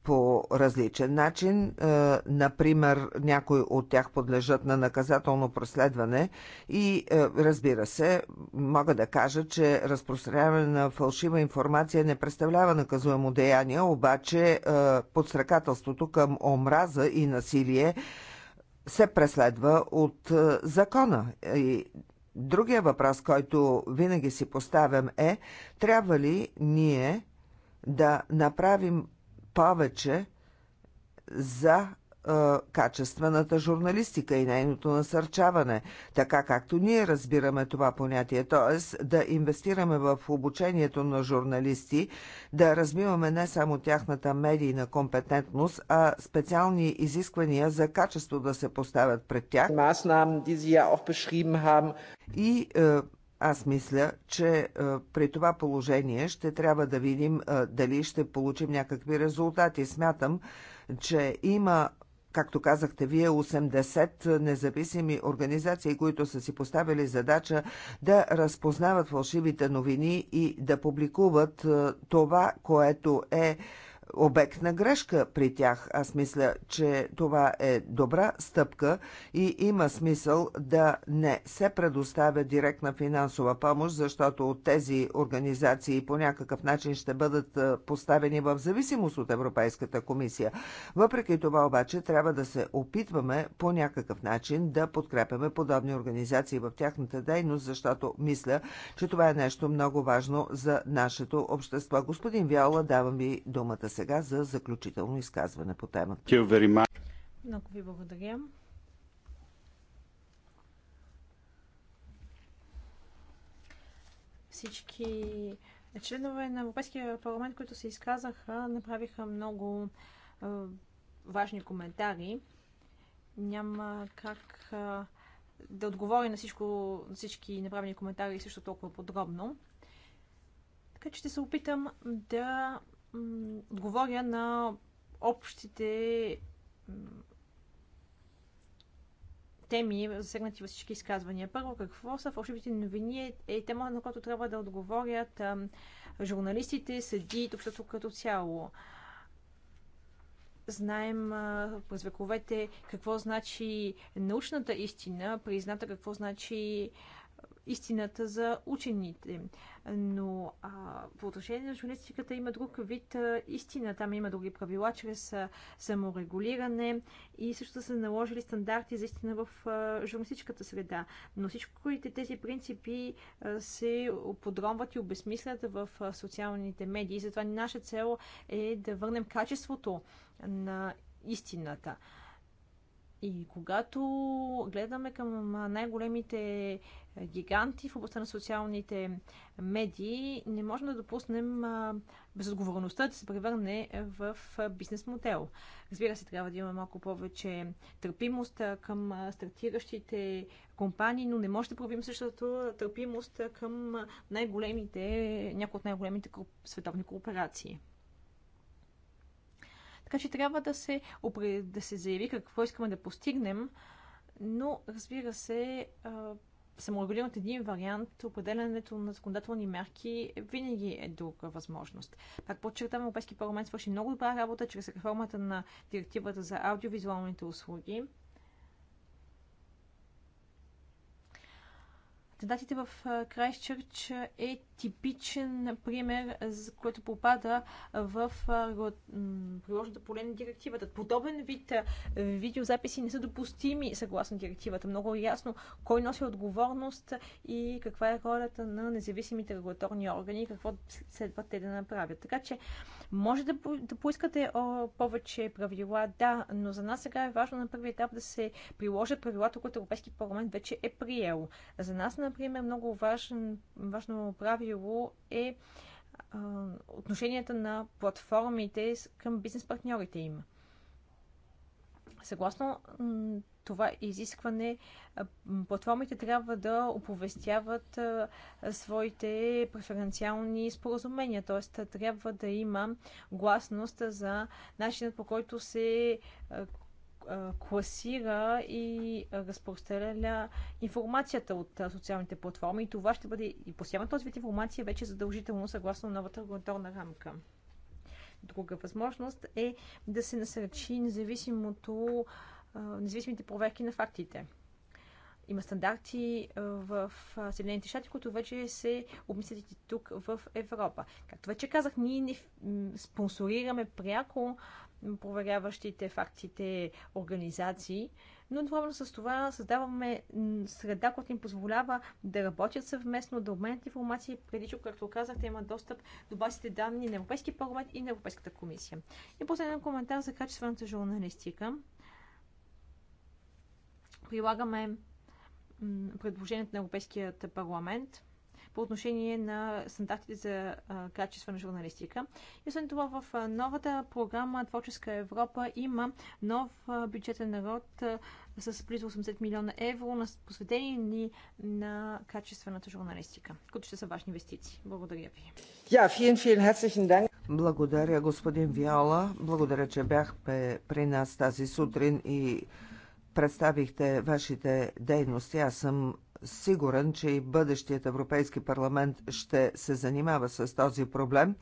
Speaker 2: по различен начин. Е, например, някои от тях подлежат на наказателно преследване и, е, разбира се, мога да кажа, че разпространяване на фалшива информация не представлява наказуемо деяние, обаче е, подстрекателството към омраза и насилие се преследва от закона. И другия въпрос, който винаги си поставям е, трябва ли ние да направим повече за качествената журналистика и нейното насърчаване, така както ние разбираме това понятие, т.е. да инвестираме в обучението на журналисти, да размиваме не само тяхната медийна компетентност, а специални изисквания за качество да се поставят пред тях. И е, аз мисля, че е, при това положение ще трябва да видим е, дали ще получим някакви резултати. Смятам, че има както казахте вие, 80 независими организации, които са си поставили задача да разпознават фалшивите новини и да публикуват е, това, което е обект на грешка при тях. Аз мисля, че това е добра стъпка и има смисъл да не се предоставя директна финансова помощ, защото от тези организации по някакъв начин ще бъдат поставени в зависимост от Европейската комисия. Въпреки това обаче трябва да се опитваме по някакъв начин да подкрепяме подобни организации в тяхната дейност, защото мисля, че това е нещо много важно за нашето общество. Господин Виола, давам ви думата сега за заключително изказване по темата.
Speaker 1: Много ви благодаря. Всички членове на Европейския парламент, които се изказаха, направиха много е, важни коментари. Няма как е, да отговоря на, всичко, на всички направени коментари също толкова подробно. Така че ще се опитам да отговоря на общите теми, засегнати във всички изказвания. Първо, какво са фалшивите новини е, е тема, на която трябва да отговорят журналистите, съдиите, обществото като цяло. Знаем през вековете какво значи научната истина, призната какво значи истината за учените. Но а, по отношение на журналистиката има друг вид а, истина. Там има други правила, чрез а, саморегулиране и също са наложили стандарти за истина в а, журналистическата среда. Но всички тези принципи а, се подромват и обесмислят в а, социалните медии. Затова наша цел е да върнем качеството на истината. И когато гледаме към най-големите гиганти в областта на социалните медии, не можем да допуснем безотговорността да се превърне в бизнес модел. Разбира се, трябва да имаме малко повече търпимост към стартиращите компании, но не може да пробим същото търпимост към най-големите, някои от най-големите световни корпорации. Така че трябва да се, да се заяви какво искаме да постигнем, но разбира се, саморегулиран от един вариант, определенето на законодателни мерки винаги е друга възможност. Пак подчертавам, Европейски парламент свърши много добра работа чрез реформата на директивата за аудиовизуалните услуги. Атентатите в Крайсчърч е типичен пример, за който попада в приложната поле на директивата. Подобен вид видеозаписи не са допустими съгласно директивата. Много е ясно кой носи отговорност и каква е ролята на независимите регулаторни органи и какво следва те да направят. Така че може да, да поискате о, повече правила, да, но за нас сега е важно на първи етап да се приложат правилата, които Европейски парламент вече е приел. За нас, например, много важен, важно правило е а, отношенията на платформите към бизнес партньорите им. Съгласно това изискване, платформите трябва да оповестяват своите преференциални споразумения, т.е. трябва да има гласност за начинът по който се класира и разпространя информацията от социалните платформи. И това ще бъде и посяване този вид информация вече задължително съгласно новата регулаторна рамка. Друга възможност е да се насърчи независимото независимите проверки на фактите. Има стандарти в Съединените щати, които вече се обмислят и тук в Европа. Както вече казах, ние не спонсорираме пряко проверяващите фактите организации, но едновременно с това създаваме среда, която им позволява да работят съвместно, да обменят информация. Преди, че, както казахте, има достъп до базите данни на Европейски парламент и на Европейската комисия. И последен коментар за качествената журналистика прилагаме предложението на Европейският парламент по отношение на стандартите за качество на журналистика. И освен това, в новата програма Творческа Европа има нов бюджетен народ с близо 80 милиона евро, посветени на качествената журналистика, които ще са важни инвестиции. Благодаря ви.
Speaker 2: Благодаря, господин Виола. Благодаря, че бяхте при нас тази сутрин и представихте вашите дейности. Аз съм сигурен, че и бъдещият Европейски парламент ще се занимава с този проблем,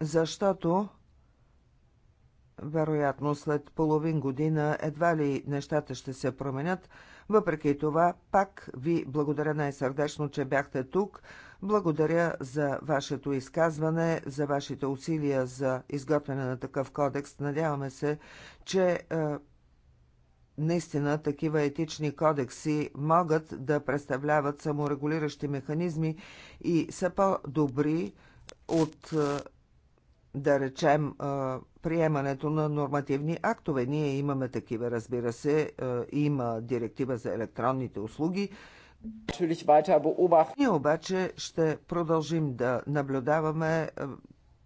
Speaker 2: защото вероятно след половин година едва ли нещата ще се променят. Въпреки това, пак ви благодаря най-сърдечно, че бяхте тук. Благодаря за вашето изказване, за вашите усилия за изготвяне на такъв кодекс. Надяваме се, че е, наистина такива етични кодекси могат да представляват саморегулиращи механизми и са по-добри от, е, да речем, е, приемането на нормативни актове. Ние имаме такива, разбира се, е, има директива за електронните услуги. Ние обаче ще продължим да наблюдаваме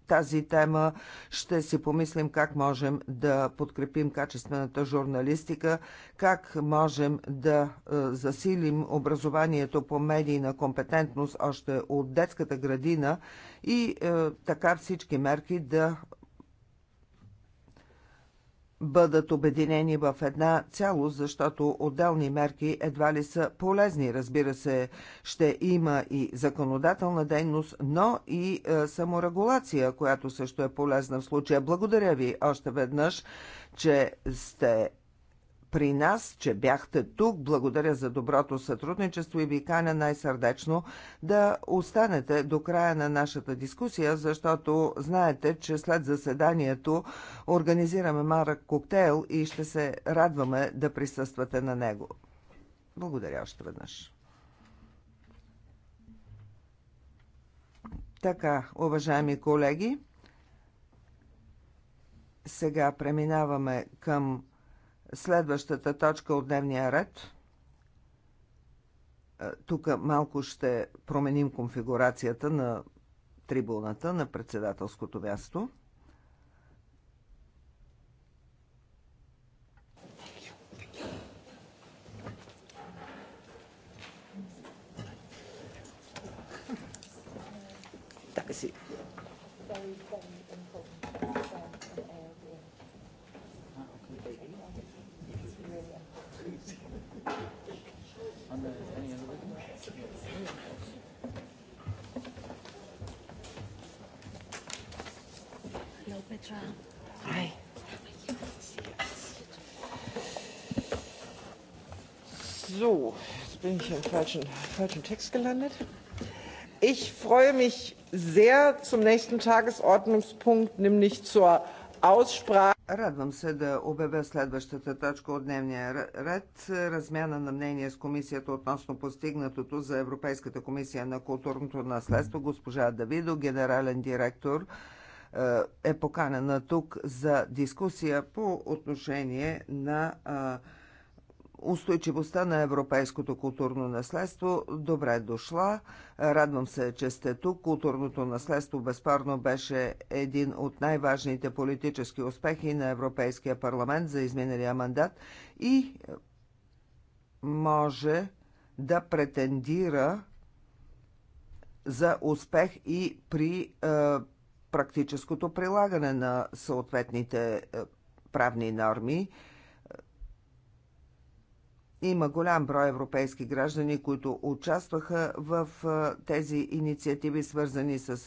Speaker 2: тази тема. Ще си помислим как можем да подкрепим качествената журналистика, как можем да е, засилим образованието по медийна компетентност още от детската градина и е, така всички мерки да бъдат обединени в една цялост, защото отделни мерки едва ли са полезни. Разбира се, ще има и законодателна дейност, но и е, саморегулация, която също е полезна в случая. Благодаря ви още веднъж, че сте при нас, че бяхте тук. Благодаря за доброто сътрудничество и ви каня най-сърдечно да останете до края на нашата дискусия, защото знаете, че след заседанието организираме марък коктейл и ще се радваме да присъствате на него. Благодаря още веднъж. Така, уважаеми колеги, сега преминаваме към следващата точка от дневния ред. Е, тук малко ще променим конфигурацията на трибуната на председателското място. So, jetzt bin ich im falschen, falschen Text gelandet. Ich freue mich sehr zum nächsten Tagesordnungspunkt, nämlich zur Aussprache. Радвам се да обявя следващата точка от дневния ред – размяна на мнение с комисията относно постигнатото за Европейската комисия на културното наследство госпожа Давидо, генерален директор – е, е поканена тук за дискусия по отношение на устойчивостта на европейското културно наследство. Добре дошла. Радвам се, че сте тук. Културното наследство безспорно беше един от най-важните политически успехи на Европейския парламент за изминалия мандат и може да претендира за успех и при е, практическото прилагане на съответните е, правни норми. Има голям брой европейски граждани, които участваха в тези инициативи, свързани с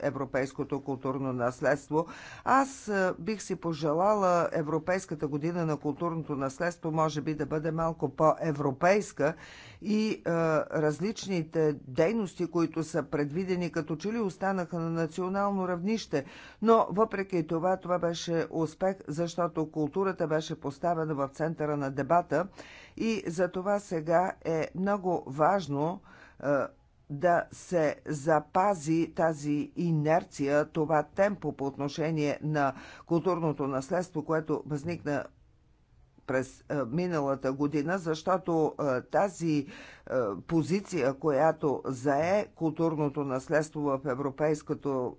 Speaker 2: европейското културно наследство. Аз бих си пожелала Европейската година на културното наследство може би да бъде малко по-европейска и е, различните дейности, които са предвидени, като че ли останаха на национално равнище. Но въпреки това, това беше успех, защото културата беше поставена в центъра на дебата и за това сега е много важно е, да се запази тази инерция, това темпо по отношение на културното наследство, което възникна през е, миналата година, защото е, тази позиция, която зае културното наследство в европейското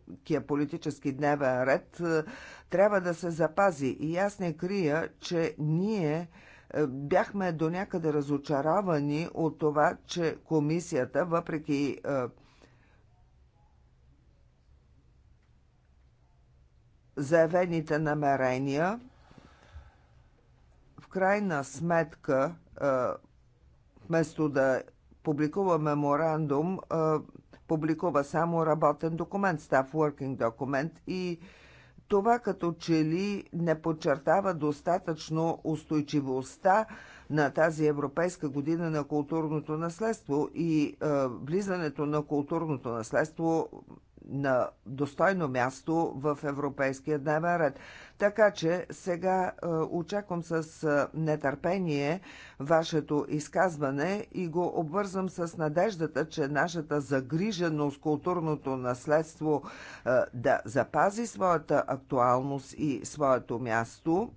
Speaker 2: политически дневен ред, трябва да се запази. И аз не крия, че ние е, бяхме до някъде разочаровани от това, че комисията, въпреки е, заявените намерения, в крайна сметка, е, вместо да публикува меморандум, публикува само работен документ, став working документ и това като че ли не подчертава достатъчно устойчивостта на тази Европейска година на културното наследство и е, влизането на културното наследство на достойно място в европейския дневен ред. Така че сега е, очаквам с е, нетърпение вашето изказване и го обвързвам с надеждата, че нашата загриженост културното наследство е, да запази своята актуалност и своето място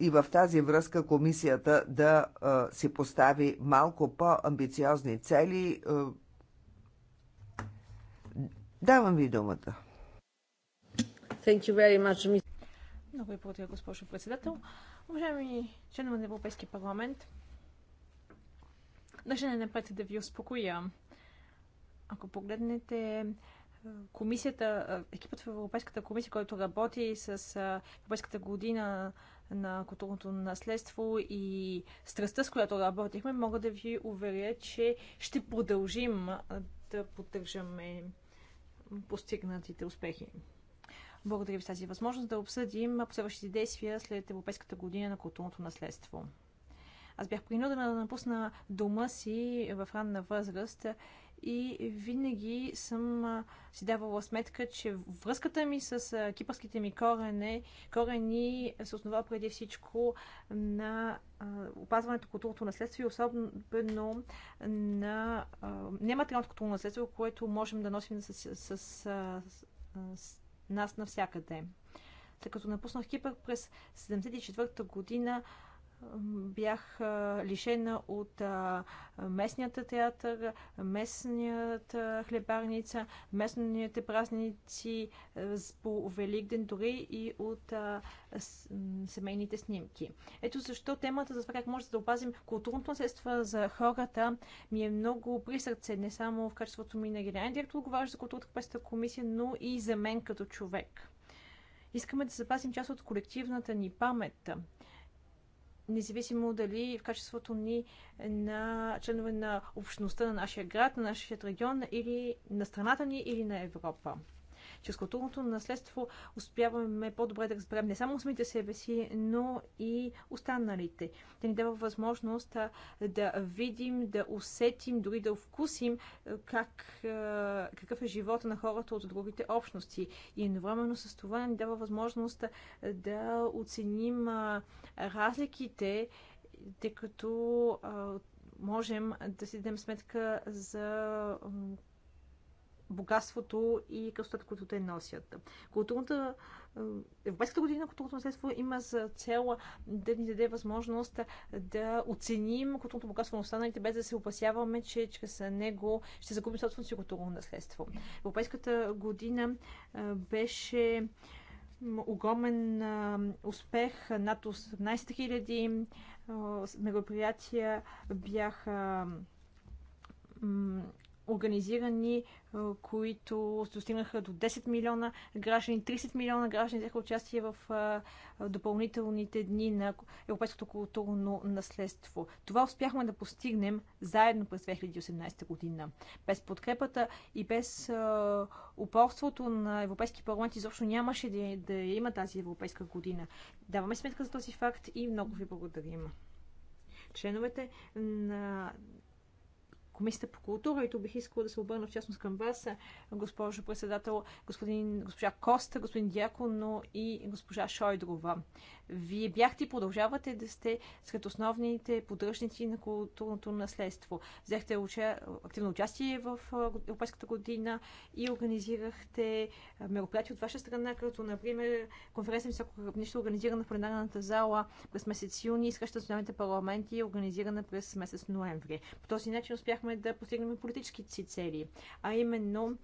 Speaker 2: и в тази връзка комисията да а, си постави малко по-амбициозни цели, а, Давам ви думата.
Speaker 1: Thank you very much. Много ви благодаря, госпожо председател. Уважаеми членове на Европейския парламент, даже не напред да ви успокоя. Ако погледнете е, комисията, е, екипът в Европейската комисия, който работи с е, Европейската година на културното наследство и страстта, с която работихме, мога да ви уверя, че ще продължим да поддържаме постигнатите успехи. Благодаря ви тази възможност да обсъдим последващите действия след Европейската година на културното наследство. Аз бях принудена да напусна дома си в ранна възраст и винаги съм си давала сметка, че връзката ми с кипърските ми корени, корени се основа преди всичко на опазването културното наследство и особено на нематериалното културно наследство, което можем да носим с, с, с, с, с нас навсякъде. Тъй като напуснах Кипър през 1974 година, бях лишена от местния театър, местният хлебарница, местните празници по Великден, дори и от семейните снимки. Ето защо темата за това как може да опазим културното наследство за хората ми е много при сърце, не само в качеството ми на генерален директор, отговарящ за културата комисия, но и за мен като човек. Искаме да запазим част от колективната ни памет независимо дали в качеството ни на членове на общността на нашия град, на нашия регион или на страната ни или на Европа. Чрез културното наследство успяваме по-добре да разберем не само самите себе си, но и останалите. Те ни дава възможност да видим, да усетим, дори да вкусим как, какъв е живота на хората от другите общности. И едновременно с това ни дава възможност да оценим разликите, тъй като можем да си дадем сметка за богатството и красотата, които те носят. Културната е, Европейската година културното наследство има за цел да ни даде възможност да оценим културното богатство на останалите, без да се опасяваме, че чрез него ще загубим собственото си културно наследство. Европейската година е, беше огромен е, успех. Над 18 000 мероприятия бяха организирани, е, които достигнаха до 10 милиона граждани, 30 милиона граждани взеха участие в е, допълнителните дни на европейското културно наследство. Това успяхме да постигнем заедно през 2018 година. Без подкрепата и без е, упорството на Европейски парламент изобщо нямаше да, да има тази Европейска година. Даваме сметка за този факт и много ви благодарим. Членовете на Комисията по култура. И тук бих искала да се обърна в частност към вас, госпожо председател, господин, госпожа Коста, господин Дяко, но и госпожа Шойдрова. Вие бяхте и продължавате да сте сред основните поддръжници на културното наследство. Взехте уча... активно участие в Европейската година и организирахте мероприятия от ваша страна, като например конференция високо равнище, организирана в пленарната зала през месец юни, среща националните парламенти, организирана през месец ноември. По този начин успяхме да постигнем политически си цели, а именно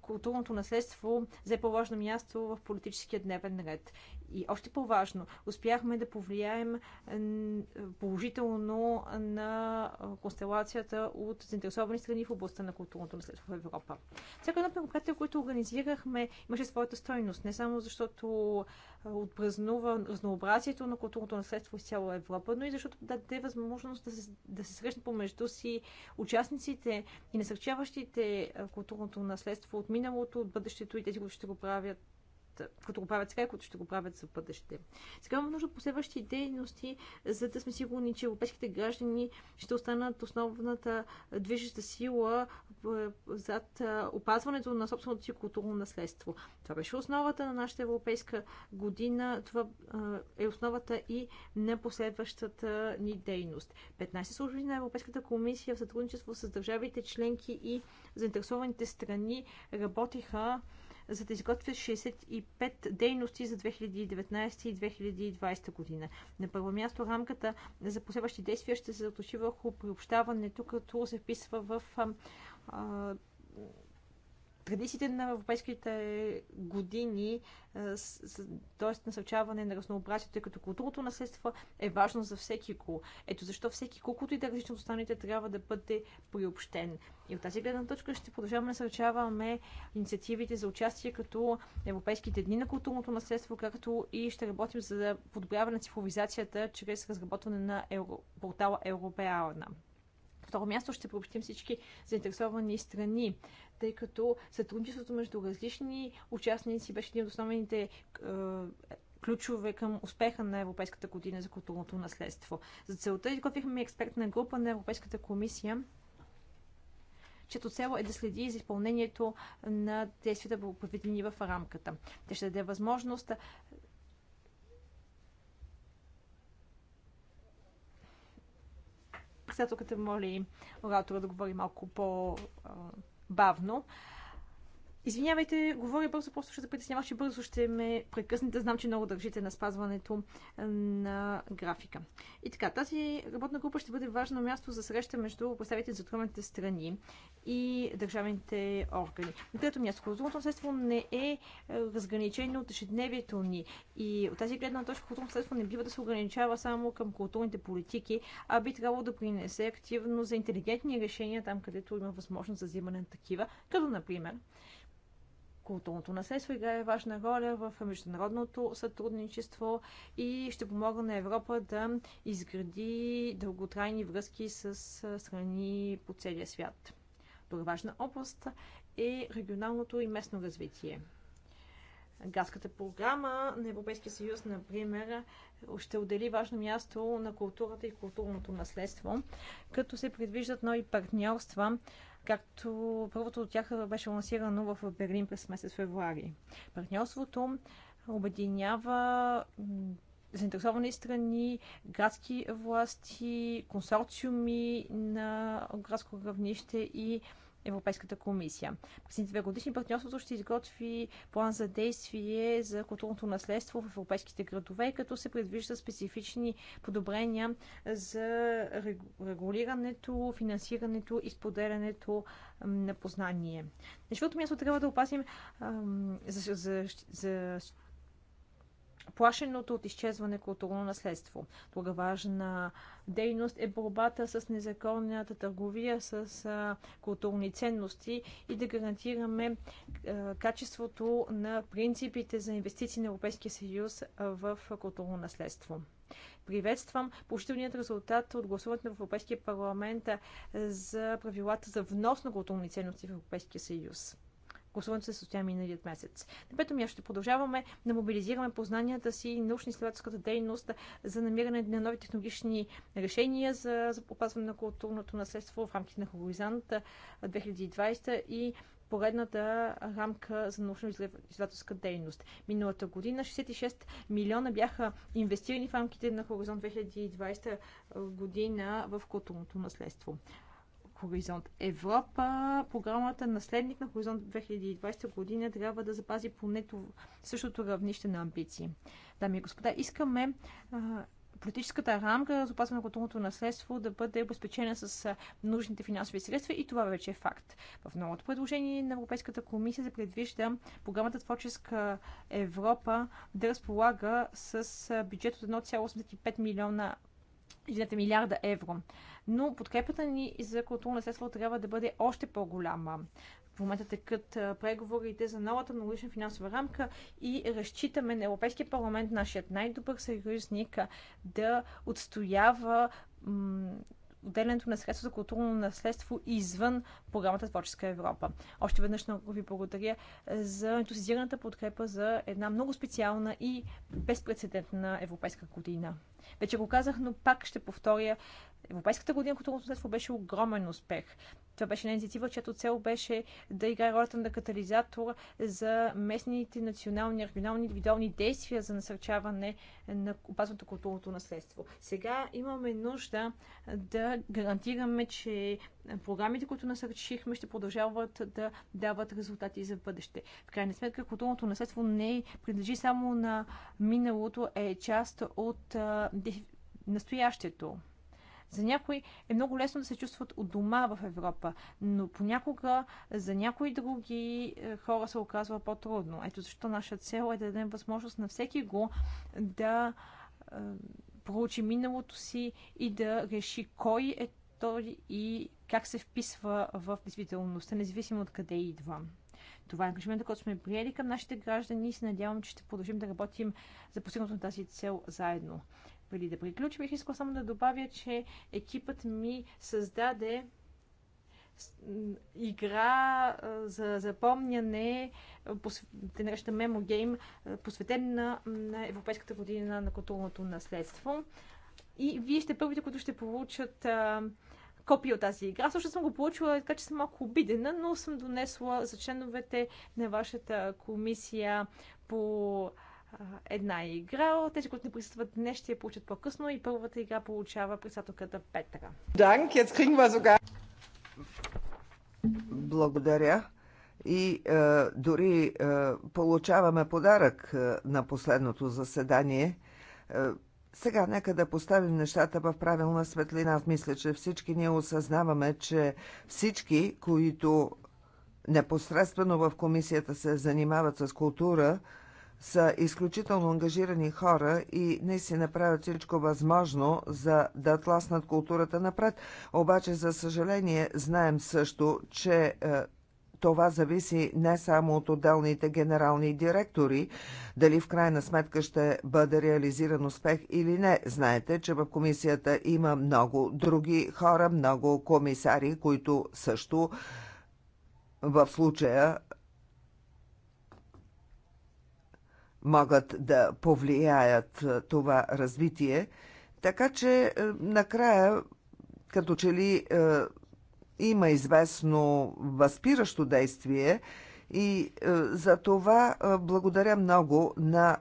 Speaker 1: културното наследство взе по-важно място в политическия дневен ред. И още по-важно, успяхме да повлияем положително на констелацията от заинтересовани страни в областта на културното наследство в Европа. Всяка една мероприятие, което организирахме, имаше своята стойност. Не само защото отпразнува разнообразието на културното наследство из цяла Европа, но и защото даде възможност да се, да се срещнат помежду си участниците и насърчаващите културното наследство от миналото, от бъдещето и тези, които ще го правят които го правят сега и които ще го правят за бъдеще. Сега имаме нужда от последващи дейности, за да сме сигурни, че европейските граждани ще останат основната движеща сила е, зад е, опазването на собственото си културно наследство. Това беше основата на нашата европейска година. Това е, е основата и на последващата ни дейност. 15 служби на Европейската комисия в сътрудничество с държавите членки и заинтересованите страни работиха за да изготвя 65 дейности за 2019 и 2020 година. На първо място рамката за последващи действия ще се заточи върху приобщаването, като се вписва в традициите на европейските години, т.е. насърчаване на разнообразието, като културното наследство е важно за всеки кул. Ето защо всеки кул, който и да е различно от останалите, трябва да бъде приобщен. И от тази гледна точка ще продължаваме да насърчаваме инициативите за участие като Европейските дни на културното наследство, както и ще работим за подобряване на цифровизацията чрез разработване на портала Европеална второ място ще приобщим всички заинтересовани страни, тъй като сътрудничеството между различни участници беше един от основните е, ключове към успеха на Европейската година за културното наследство. За целта изготвихме експертна група на Европейската комисия, чето цел е да следи за изпълнението на действията, проведени в рамката. Те ще даде възможност Председателката моли оратора да говори малко по-бавно. Извинявайте, говоря бързо, просто ще се притеснявах, че бързо ще ме прекъснете. Знам, че много държите на спазването на графика. И така, тази работна група ще бъде важно място за среща между представителите за трудните страни и държавните органи. На трето място, културното наследство не е разграничено от ежедневието ни. И от тази гледна точка, културното наследство не бива да се ограничава само към културните политики, а би трябвало да принесе активно за интелигентни решения там, където има възможност за взимане на такива, като, например, Културното наследство играе важна роля в международното сътрудничество и ще помогне на Европа да изгради дълготрайни връзки с страни по целия свят. Друга важна област е регионалното и местно развитие. Газката програма на Европейския съюз, например, ще отдели важно място на културата и културното наследство, като се предвиждат нови партньорства както първото от тях беше лансирано в Берлин през месец февруари. Партньорството обединява заинтересовани страни, градски власти, консорциуми на градско равнище и Европейската комисия. През две годишни партньорството ще изготви план за действие за културното наследство в европейските градове, като се предвижда специфични подобрения за регулирането, финансирането и споделянето на познание. На място трябва да опазим за, за, за плашеното от изчезване културно наследство. Друга важна дейност е борбата с незаконната търговия с а, културни ценности и да гарантираме а, качеството на принципите за инвестиции на Европейския съюз в културно наследство. Приветствам положителният резултат от гласуването в Европейския парламент за правилата за внос на културни ценности в Европейския съюз. Гласуването се състоя миналият месец. На пето място ще продължаваме да мобилизираме познанията си и научно-изследователската дейност за намиране на нови технологични решения за, за опазване на културното наследство в рамките на Хоризонт 2020 и поредната рамка за научно-изследователска дейност. Миналата година 66 милиона бяха инвестирани в рамките на Хоризонт 2020 година в културното наследство. Хоризонт Европа. Програмата Наследник на Хоризонт 2020 година трябва да запази поне същото равнище на амбиции. Дами и господа, искаме политическата рамка за опазване на културното наследство да бъде обезпечена с нужните финансови средства и това вече е факт. В новото предложение на Европейската комисия се предвижда програмата Творческа Европа да разполага с бюджет от 1,85 милиона извинете, милиарда евро. Но подкрепата ни за културно наследство трябва да бъде още по-голяма. В момента текат преговорите за новата налична финансова рамка и разчитаме на Европейския парламент, нашият най-добър съюзник, да отстоява отделянето на средства за културно наследство извън програмата Творческа Европа. Още веднъж много ви благодаря за ентусизираната подкрепа за една много специална и безпредседентна европейска година. Вече го казах, но пак ще повторя. Европейската година културното наследство беше огромен успех. Това беше една инициатива, чиято цел беше да играе ролята на катализатор за местните, национални, регионални, индивидуални действия за насърчаване на опазването културното наследство. Сега имаме нужда да гарантираме, че програмите, които насърчихме, ще продължават да дават резултати за бъдеще. В крайна сметка, културното наследство не принадлежи само на миналото, е част от а, настоящето. За някои е много лесно да се чувстват от дома в Европа, но понякога за някои други е, хора се оказва по-трудно. Ето защо нашата цел е да дадем възможност на всеки го да е, проучи миналото си и да реши кой е той и как се вписва в действителността, независимо от къде идва. Това е ангажимента, който сме приели към нашите граждани и се надявам, че ще продължим да работим за постигнато на тази цел заедно. Преди да приключим, бих искала само да добавя, че екипът ми създаде игра за запомняне, те нарича Memo Game, посветен на, на Европейската година на културното наследство. И вие ще първите, които ще получат а, копия от тази игра. Също съм го получила, така че съм малко обидена, но съм донесла за членовете на вашата комисия по една игра. Тези, които не присъстват днес, ще я получат по-късно и първата игра получава присадоката Петра.
Speaker 2: Данк, jetzt благодаря. И е, дори е, получаваме подарък е, на последното заседание. Е, сега нека да поставим нещата в правилна светлина. Аз мисля, че всички ние осъзнаваме, че всички, които непосредствено в комисията се занимават с култура, са изключително ангажирани хора и не си направят всичко възможно за да тласнат културата напред. Обаче, за съжаление, знаем също, че е, това зависи не само от отделните генерални директори, дали в крайна сметка ще бъде реализиран успех или не. Знаете, че в комисията има много други хора, много комисари, които също в случая могат да повлияят това развитие. Така че накрая, като че ли има известно възпиращо действие и за това благодаря много на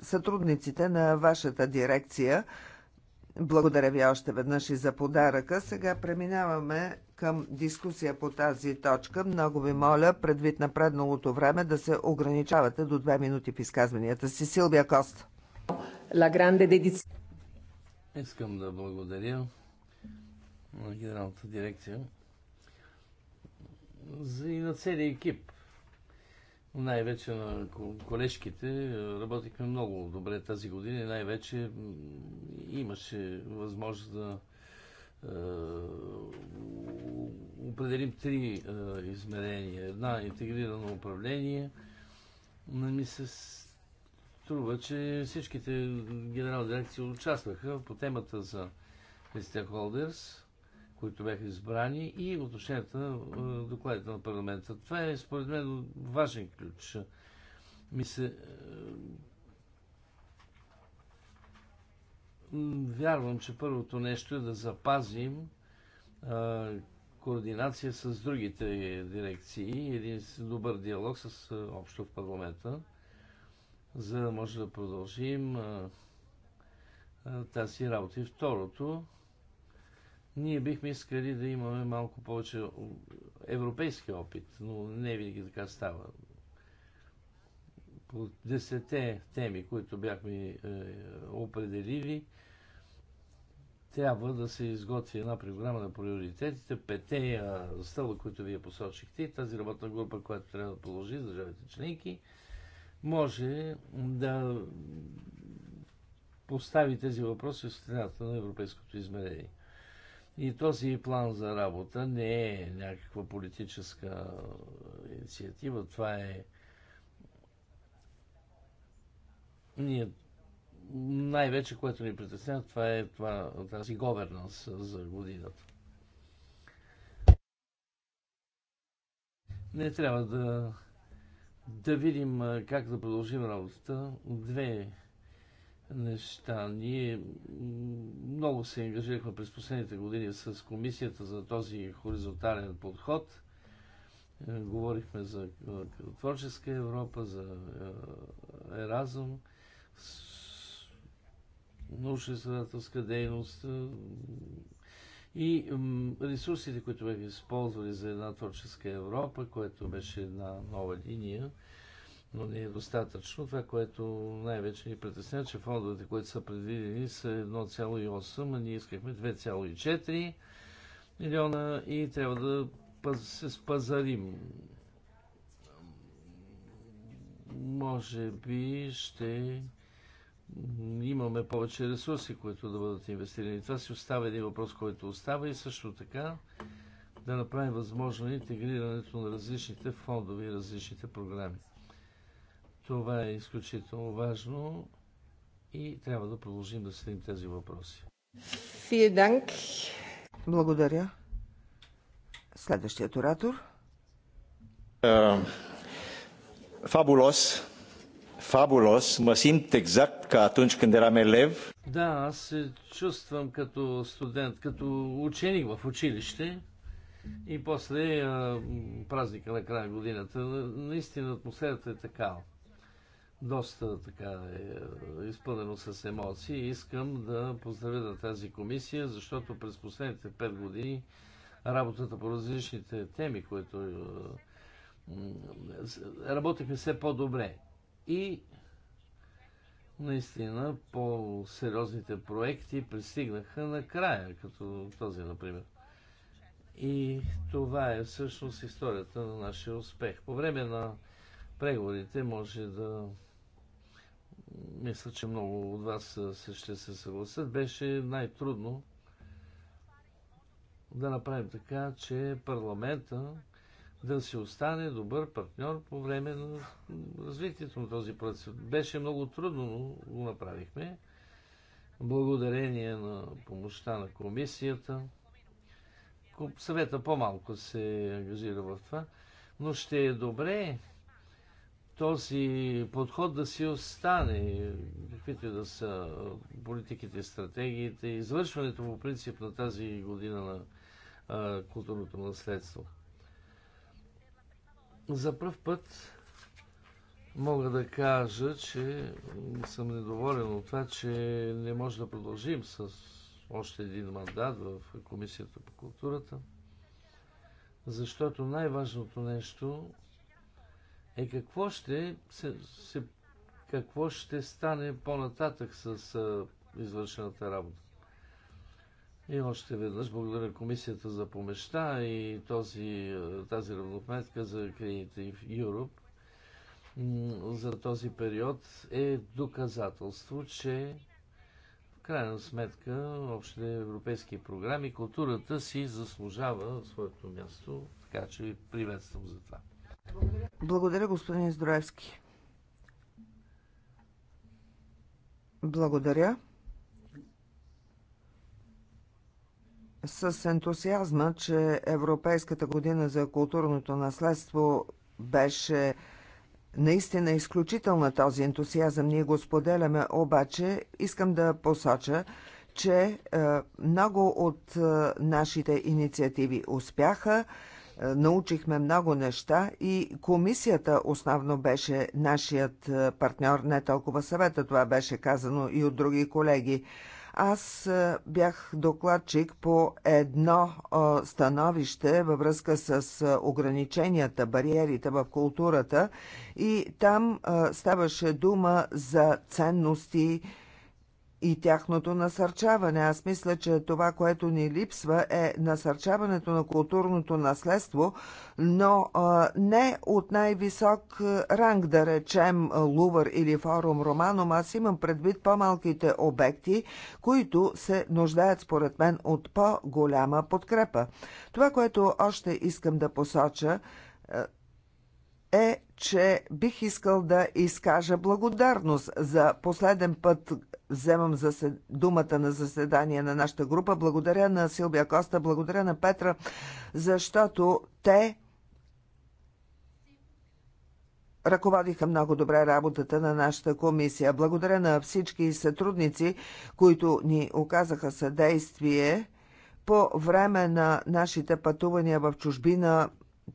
Speaker 2: сътрудниците на вашата дирекция – благодаря ви още веднъж и за подаръка. Сега преминаваме към дискусия по тази точка. Много ви моля, предвид напредналото време, да се ограничавате до две минути в изказванията си. Силвия Кост.
Speaker 3: Искам да благодаря на генералната дирекция за и на целия екип най-вече на колежките е, работихме много добре тази година и най-вече имаше възможност да е, определим три е, измерения. Една интегрирано управление. Ми нали, се струва, че всичките генерални дирекции участваха по темата за Christian Holders които бяха избрани и отношенията на е, докладите на парламента. Това е според мен важен ключ. Мисля, е, Вярвам, че първото нещо е да запазим е, координация с другите дирекции, един добър диалог с общо в парламента, за да може да продължим тази работа. И второто, ние бихме искали да имаме малко повече европейски опит, но не винаги така става. По десете теми, които бяхме е, определили, трябва да се изготви една програма на приоритетите, пете стълба, които вие посочихте, тази работна група, която трябва да положи за държавите членки, може да постави тези въпроси в страната на европейското измерение. И този план за работа не е някаква политическа инициатива. Това е. Ние най-вече, което ни притеснява, това е това, тази говернанс за годината. Не трябва да, да видим как да продължим работата. Две неща. Ние много се ангажирахме през последните години с комисията за този хоризонтален подход. Е, говорихме за творческа Европа, за Еразъм, научно-изследователска дейност и ресурсите, които бяха използвали за една творческа Европа, което беше една нова линия – но не е достатъчно. Това, което най-вече ни притеснява, че фондовете, които са предвидени, са 1,8, а ние искахме 2,4 милиона и трябва да се спазарим. Може би ще имаме повече ресурси, които да бъдат инвестирани. Това си остава един въпрос, който остава и също така да направим възможно интегрирането на различните фондове и различните програми. Това е изключително важно и трябва да продължим да следим тези въпроси.
Speaker 2: Благодаря. Следващият оратор.
Speaker 1: Е, фабулос. Фабулос. Мă simt exact ca atunci лев.
Speaker 3: Да, аз се чувствам като студент, като ученик в училище. И после а, е, празника на края годината. Наистина атмосферата е такава доста така е изпълнено с емоции. Искам да поздравя на тази комисия, защото през последните 5 години работата по различните теми, които е, работихме все по-добре. И наистина по-сериозните проекти пристигнаха накрая, като този, например. И това е всъщност историята на нашия успех. По време на преговорите може да мисля, че много от вас ще се съгласят, беше най-трудно да направим така, че парламента да си остане добър партньор по време на развитието на този процес. Беше много трудно, но го направихме. Благодарение на помощта на комисията. Съвета по-малко се ангажира в това, но ще е добре този подход да си остане, каквито и да са политиките, стратегиите, извършването по принцип на тази година на а, културното наследство. За първ път мога да кажа, че съм недоволен от това, че не може да продължим с още един мандат в Комисията по културата, защото най-важното нещо е какво ще, се, се, какво ще стане по-нататък с а, извършената работа. И още веднъж благодаря комисията за помеща и този, тази равносметка за Creative Europe за този период е доказателство, че в крайна сметка общите европейски програми културата си заслужава своето място, така че ви приветствам за това.
Speaker 2: Благодаря. господин Здраевски. Благодаря. С ентусиазма, че Европейската година за културното наследство беше наистина изключителна този ентусиазъм. Ние го споделяме, обаче искам да посоча, че е, много от е, нашите инициативи успяха. Е, научихме много неща и комисията основно беше нашият е, партньор, не толкова съвета, това беше казано и от други колеги. Аз е, бях докладчик по едно становище във връзка с ограниченията, бариерите в културата и там ставаше дума за ценности, и тяхното насърчаване. Аз мисля, че това, което ни липсва е насърчаването на културното наследство, но а, не от най-висок ранг, да речем Лувър или Форум Романом. Аз имам предвид по-малките обекти, които се нуждаят според мен от по-голяма подкрепа. Това, което още искам да посоча, е, че бих искал да изкажа благодарност. За последен път вземам засед... думата на заседание на нашата група. Благодаря на Силбия Коста, благодаря на Петра, защото те ръководиха много добре работата на нашата комисия. Благодаря на всички сътрудници, които ни оказаха съдействие по време на нашите пътувания в чужбина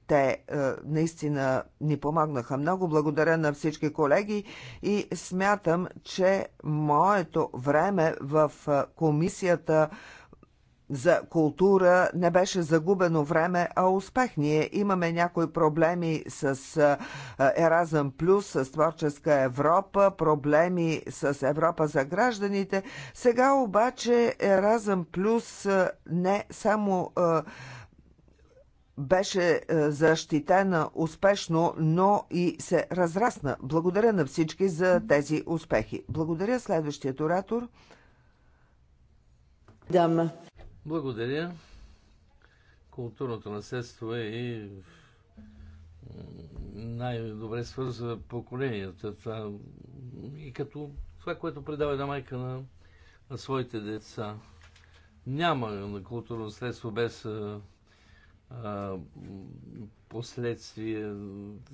Speaker 2: те е, наистина ни помогнаха много. Благодаря на всички колеги и смятам, че моето време в е, комисията за култура не беше загубено време, а успех. Ние имаме някои проблеми с е, Еразъм Плюс, с Творческа Европа, проблеми с Европа за гражданите. Сега обаче Еразъм Плюс е, не само беше е, защитена успешно, но и се разрасна. Благодаря на всички за тези успехи. Благодаря следващият оратор. Дама.
Speaker 3: Благодаря. Културното наследство е и най-добре свързва поколенията. Това, и като това, което предава една майка на, на своите деца. Няма културно наследство без е, последствия.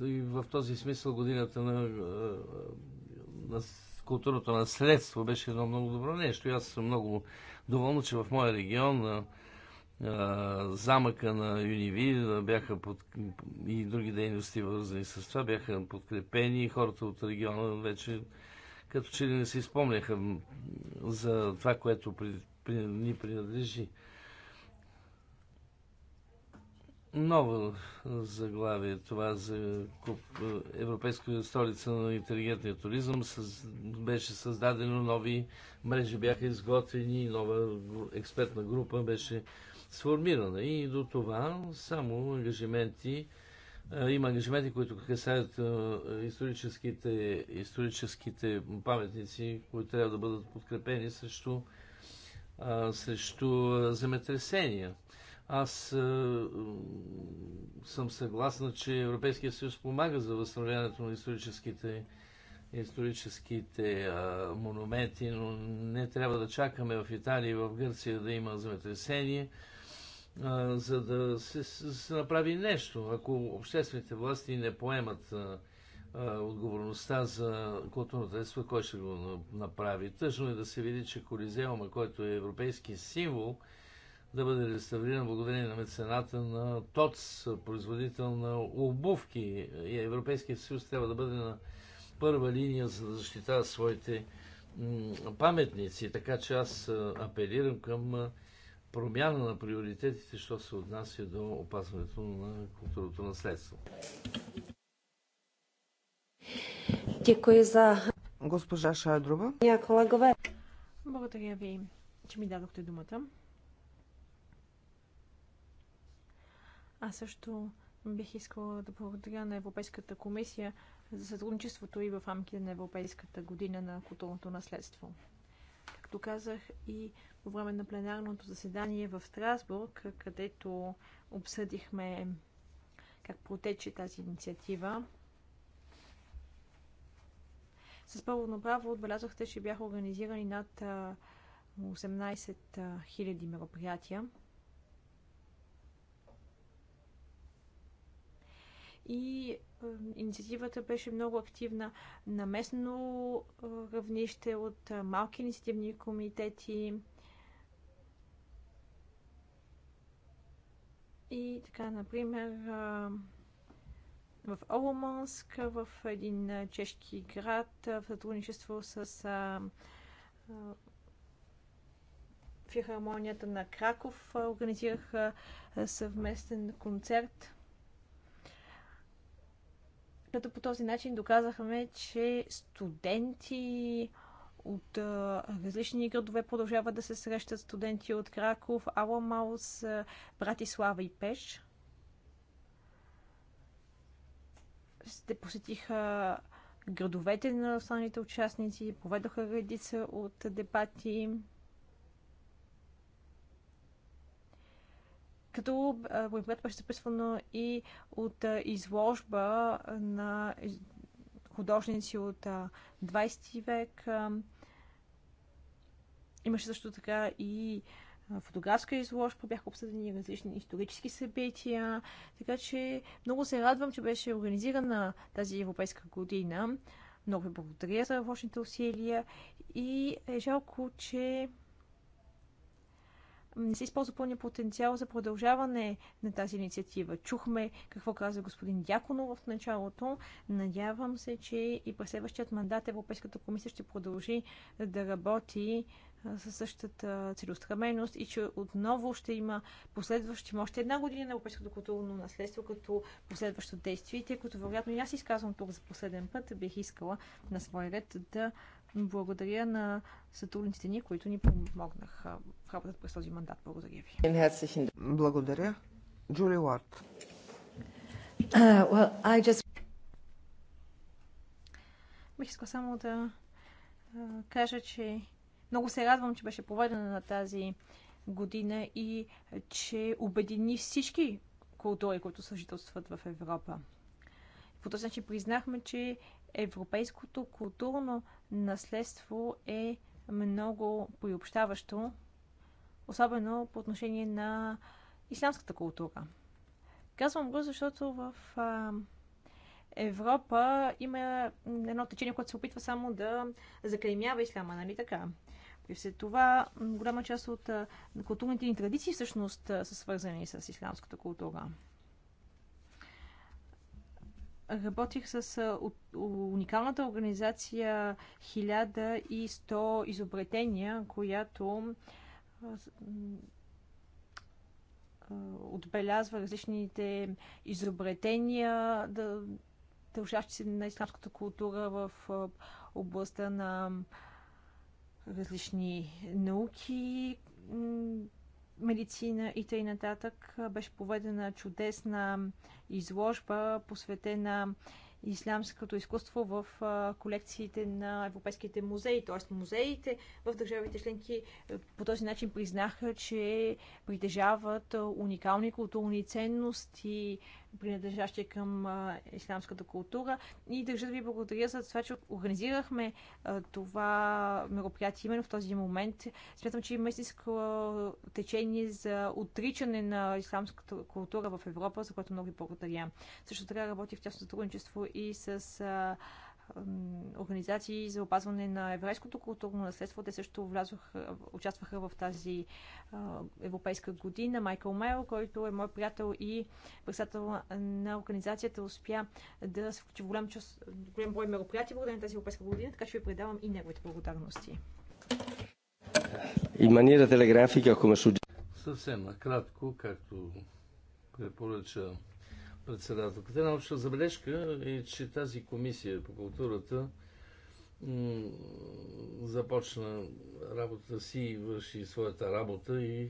Speaker 3: И в този смисъл годината на, на културното наследство беше едно много добро нещо. И аз съм много доволна, че в моя регион замъка на Юниви бяха под... и други дейности вързани с това бяха подкрепени и хората от региона вече като че ли не си спомняха за това, което при... При... ни принадлежи ново заглавие това за Европейска столица на интелигентния туризъм. Беше създадено нови мрежи, бяха изготвени, нова експертна група беше сформирана. И до това само ангажименти има ангажименти, които касаят историческите, историческите паметници, които трябва да бъдат подкрепени срещу, срещу земетресения. Аз е, съм съгласна, че Европейския съюз помага за възстановяването на историческите, историческите е, монументи, но не трябва да чакаме в Италия и в Гърция да има земетресение, е, за да се, се направи нещо. Ако обществените власти не поемат е, отговорността за културното детство, кой ще го направи? Тъжно е да се види, че Колизеума, който е европейски символ, да бъде реставриран благодарение на мецената на ТОЦ, производител на обувки. И Европейския съюз трябва да бъде на първа линия, за да защитава своите паметници. Така че аз апелирам към промяна на приоритетите, що се отнася до опазването на културното наследство.
Speaker 2: Дякую за... Госпожа Шайдрова. Колегове.
Speaker 1: Благодаря ви, че ми дадохте думата. Аз също бих искала да благодаря на Европейската комисия за сътрудничеството и в рамките на Европейската година на културното наследство. Както казах и по време на пленарното заседание в Страсбург, където обсъдихме как протече тази инициатива, с пълно право отбелязахте, че бяха организирани над 18 000 мероприятия. и е, инициативата беше много активна на местно е, равнище от е, малки инициативни комитети и така, например, в Оломанск, в един чешки град, в сътрудничество с а, филхармонията на Краков, организираха съвместен концерт. Като по този начин доказахме, че студенти от различни градове продължават да се срещат студенти от Краков, Аламаус, Братислава и Пеш. Те посетиха градовете на останалите участници, поведоха редица от дебати. като боепред беше записвано и от изложба на художници от 20 век. Имаше също така и фотографска изложба, бяха обсъдени различни исторически събития, така че много се радвам, че беше организирана тази европейска година. Много ви благодаря за вашите усилия и е жалко, че не се използва пълния потенциал за продължаване на тази инициатива. Чухме какво каза господин Дяконов в началото. Надявам се, че и през следващият мандат Европейската комисия ще продължи да работи със същата целеустременост и че отново ще има последващи, още една година на европейското културно наследство като последващо действие, тъй като вероятно и аз изказвам тук за последен път, бих искала на свой ред да благодаря на сътрудниците ни, които ни помогнаха в работата през този мандат. Благодаря
Speaker 2: ви. Благодаря. Джули Уарт. Uh,
Speaker 1: Бих искал само да кажа, че много се радвам, че беше проведена на тази година и че обедини всички култури, които съжителстват в Европа. По този начин признахме, че Европейското културно наследство е много приобщаващо, особено по отношение на ислямската култура. Казвам го, защото в а, Европа има едно течение, което се опитва само да заклеймява исляма, нали така? При все това, голяма част от културните ни традиции всъщност са свързани с исламската култура работих с уникалната организация 1100 изобретения, която отбелязва различните изобретения, дължащи се на исламската култура в областта на различни науки, медицина и тъй нататък беше поведена чудесна изложба, посветена ислямското изкуство в колекциите на европейските музеи, т.е. музеите в държавите членки е, по този начин признаха, че притежават уникални културни ценности, принадлежащи към а, исламската култура. И държа да ви благодаря за това, че организирахме а, това мероприятие именно в този момент. Смятам, че има истинско течение за отричане на исламската култура в Европа, за което много ви благодаря. Също така работих в тясно сътрудничество и с а, организации за опазване на еврейското културно наследство. Те също влязох, участваха в тази европейска година. Майкъл Мейл, който е мой приятел и председател на организацията, успя да се включи в голям, час, голям брой мероприятия благодаря на тази европейска година, така че ви предавам и неговите благодарности.
Speaker 3: И манера телеграфика, come Съвсем накратко, както препоръча председателката. Една обща забележка е, че тази комисия по културата започна работата си, и върши своята работа и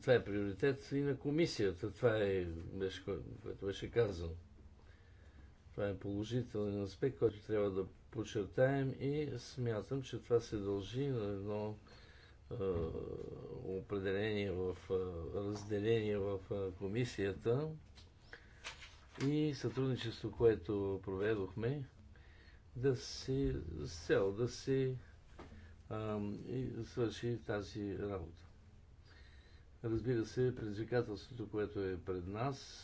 Speaker 3: това е приоритет и на комисията. Това е, беше, което беше казано. Това е положителен аспект, който трябва да подчертаем и смятам, че това се дължи на едно определение в разделение в комисията, и сътрудничество, което проведохме, да се, с цел да се а, свърши тази работа. Разбира се, предизвикателството, което е пред нас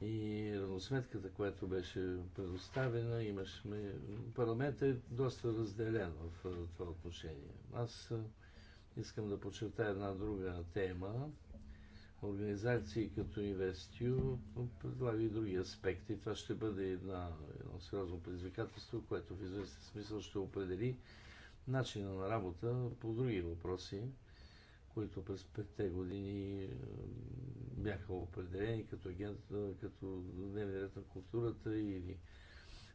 Speaker 3: и равносметката, която беше предоставена, имашме... Парламентът е доста разделен в това отношение. Аз искам да подчертая една друга тема, организации като InvestU предлага и други аспекти. Това ще бъде една, едно сериозно предизвикателство, което в известен смисъл ще определи начина на работа по други въпроси, които през петте години бяха определени като, агент, като дневен ред на културата или...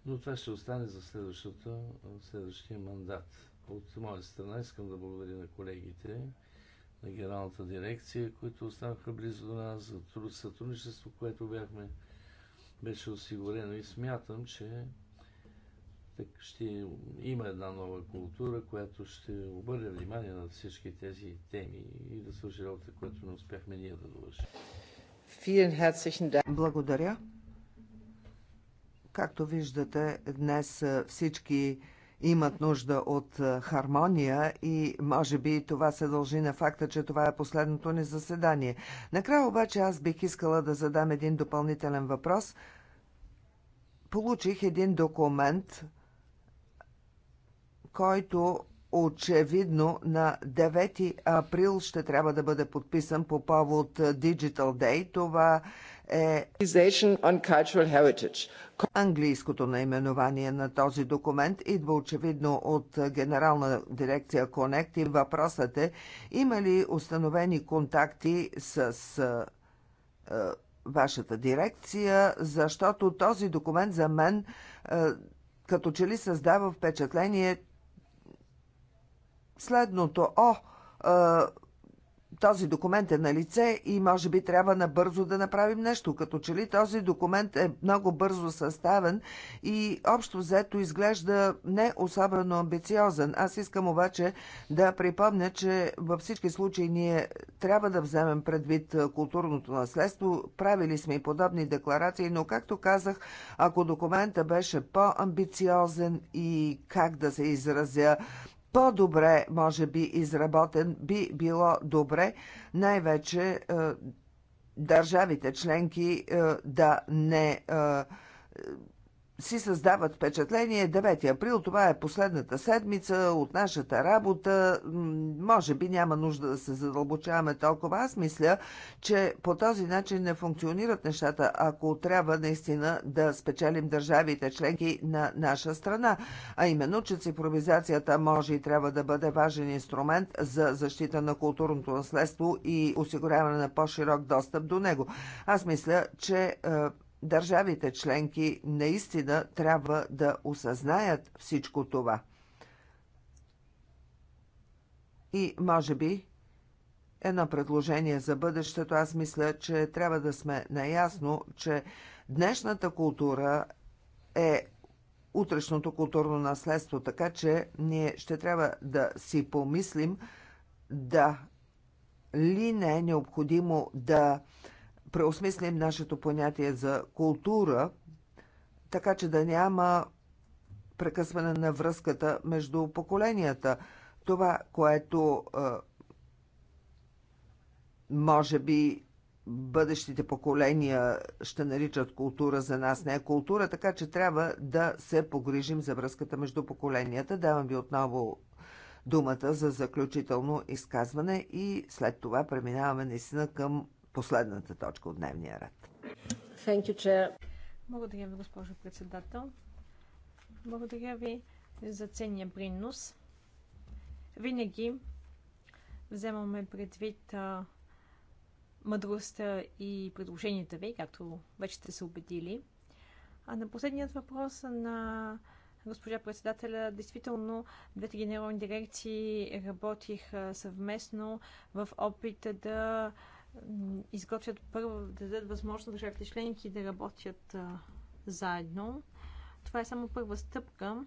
Speaker 3: Но това ще остане за следващата, следващия мандат. От моя страна искам да благодаря на колегите, на генералната дирекция, които останаха близо до нас, за сътрудничество, което бяхме, беше осигурено. И смятам, че так ще има една нова култура, която ще обърне внимание на всички тези теми и да свърши работа, която не успяхме ние да довършим.
Speaker 2: Благодаря. Както виждате, днес всички имат нужда от хармония и може би това се дължи на факта, че това е последното ни заседание. Накрая обаче аз бих искала да задам един допълнителен въпрос. Получих един документ, който очевидно на 9 април ще трябва да бъде подписан по повод Digital Day. Това е е Английското наименование на този документ идва очевидно от Генерална дирекция Connect и въпросът е има ли установени контакти с е, е вашата дирекция, защото този документ за мен е, като че ли създава впечатление следното. О, е, този документ е на лице и може би трябва набързо да направим нещо. Като че ли този документ е много бързо съставен и общо взето изглежда не особено амбициозен. Аз искам обаче да припомня, че във всички случаи ние трябва да вземем предвид културното наследство. Правили сме и подобни декларации, но както казах, ако документа беше по-амбициозен и как да се изразя, по-добре, може би, изработен, би било добре най-вече е, държавите членки е, да не е, си създават впечатление 9 април, това е последната седмица от нашата работа, може би няма нужда да се задълбочаваме толкова. Аз мисля, че по този начин не функционират нещата, ако трябва наистина да спечелим държавите членки на наша страна. А именно, че цифровизацията може и трябва да бъде важен инструмент за защита на културното наследство и осигуряване на по-широк достъп до него. Аз мисля, че е, държавите членки наистина трябва да осъзнаят всичко това. И, може би, едно предложение за бъдещето. Аз мисля, че трябва да сме наясно, че днешната култура е утрешното културно наследство, така че ние ще трябва да си помислим да ли не е необходимо да преосмислим нашето понятие за култура, така че да няма прекъсване на връзката между поколенията. Това, което може би бъдещите поколения ще наричат култура, за нас не е култура, така че трябва да се погрижим за връзката между поколенията. Давам ви отново думата за заключително изказване и след това преминаваме наистина към последната точка от дневния ред.
Speaker 1: Thank you, chair. Благодаря ви, госпожо председател. Благодаря ви за ценния принос. Винаги вземаме предвид а, мъдростта и предложенията ви, както вече сте се убедили. А на последният въпрос на госпожа председателя, действително двете генерални дирекции работиха съвместно в опита да изготвят първо, да дадат възможност държавите членки да работят а, заедно. Това е само първа стъпка.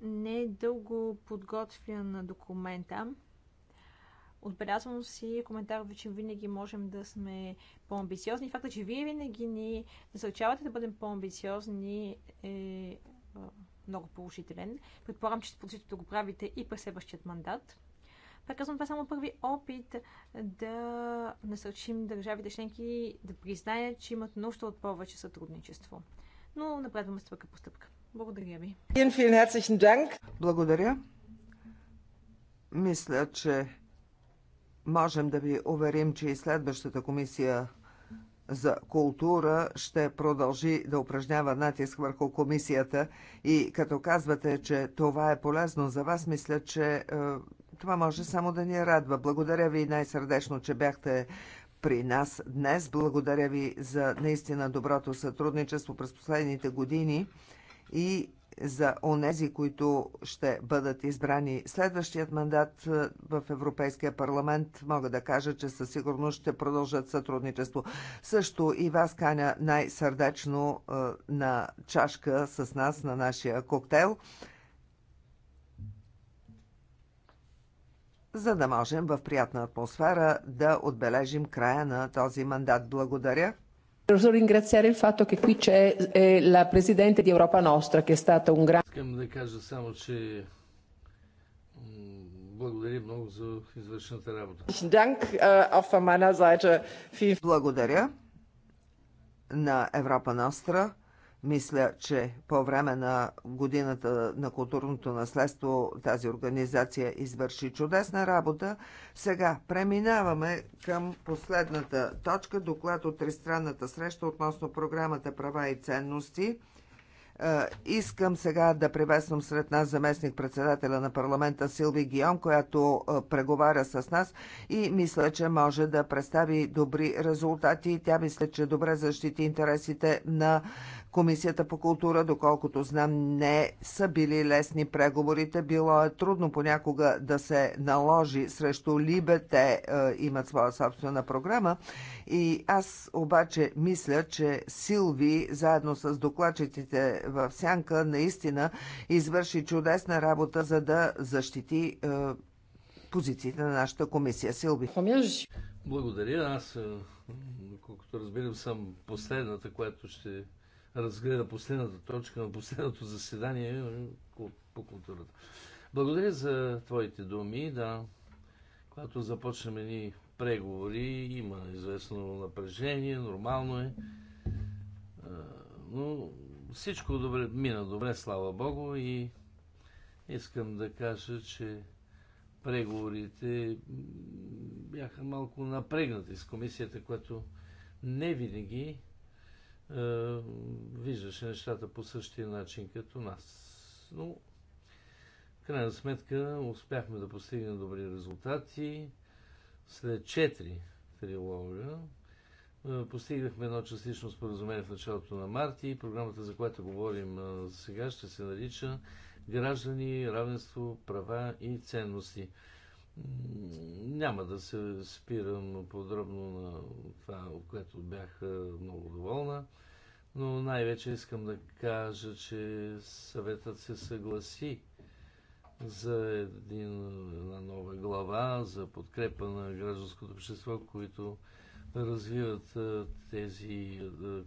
Speaker 1: Не е дълго на документа. Отбелязвам си коментар че винаги можем да сме по-амбициозни. Факта, че вие винаги ни насърчавате да бъдем по-амбициозни е много положителен. Предполагам, че ще продължите да го правите и през следващият мандат. Пак казвам, това е само първи опит да насърчим държавите членки да признаят, че имат нужда от повече сътрудничество. Но напредваме стъпка по стъпка. Благодаря ви.
Speaker 2: Благодаря. Мисля, че можем да ви уверим, че и следващата комисия за култура ще продължи да упражнява натиск върху комисията и като казвате, че това е полезно за вас, мисля, че е, това може само да ни е радва. Благодаря ви най-сърдечно, че бяхте при нас днес. Благодаря ви за наистина доброто сътрудничество през последните години и за онези, които ще бъдат избрани следващият мандат е, в Европейския парламент, мога да кажа, че със сигурност ще продължат сътрудничество. Също и вас каня най-сърдечно е, на чашка с нас на нашия коктейл. за да можем в приятна атмосфера да отбележим края на този мандат. Благодаря. Искам
Speaker 3: да кажа само, че благодаря много за извършената работа.
Speaker 2: Э, благодаря на Европа Ностра мисля, че по време на годината на културното наследство тази организация извърши чудесна работа. Сега преминаваме към последната точка, доклад от тристранната среща относно програмата права и ценности. Е, искам сега да приветствам сред нас заместник председателя на парламента Силви Гион, която е, преговаря с нас и мисля, че може да представи добри резултати. Тя мисля, че добре защити интересите на Комисията по култура, доколкото знам, не са били лесни преговорите. Било е трудно понякога да се наложи срещу Либе. Те е, имат своя собствена програма. И аз обаче мисля, че Силви, заедно с докладчиците в Сянка, наистина извърши чудесна работа, за да защити е, позициите на нашата комисия. Силви.
Speaker 3: Благодаря. Аз, е, доколкото разбирам, съм последната, която ще разгледа последната точка на последното заседание по културата. Благодаря за твоите думи. Да, когато започнем ни преговори, има известно напрежение, нормално е. Но всичко добре, мина добре, слава Богу, и искам да кажа, че преговорите бяха малко напрегнати с комисията, която не винаги е, виждаше нещата по същия начин като нас. Но, в крайна сметка, успяхме да постигнем добри резултати. След 4 трилога е, постигнахме едно частично споразумение в началото на марти и програмата, за която говорим е, сега, ще се нарича Граждани, равенство, права и ценности. Няма да се спирам подробно на това, от което бях много доволна, но най-вече искам да кажа, че съветът се съгласи за един, една нова глава, за подкрепа на гражданското общество, които развиват тези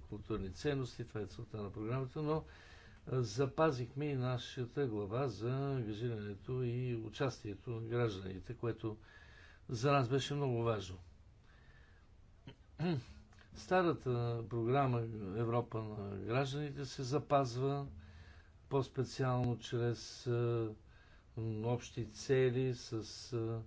Speaker 3: културни ценности. Това е целта на програмата, но запазихме и нашата глава за ангажирането и участието на гражданите, което за нас беше много важно. [clears throat] Старата програма Европа на гражданите се запазва по-специално чрез общи цели с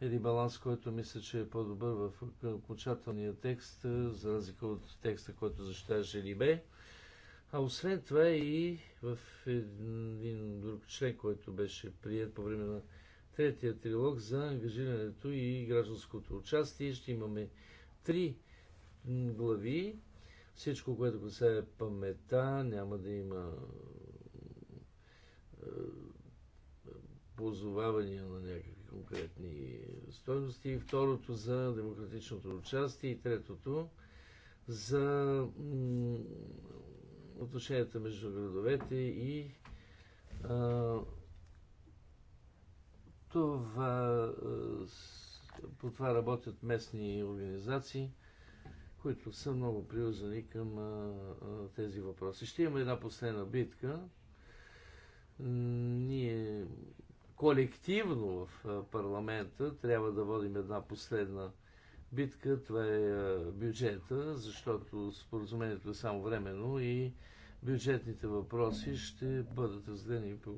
Speaker 3: един баланс, който мисля, че е по-добър в окончателния текст, за разлика от текста, който защитава Желибе. А освен това и в един друг член, който беше прият по време на третия трилог за ангажирането и гражданското участие, ще имаме три глави. Всичко, което касае памета, няма да има е, позовавания на някакви конкретни стоености. второто за демократичното участие и третото за отношенията между градовете и а, това, по това работят местни организации, които са много привързани към а, а, тези въпроси. Ще има една последна битка. Ние колективно в парламента трябва да водим една последна битка битка, това е бюджета, защото споразумението е само временно и бюджетните въпроси ще бъдат разгледани в,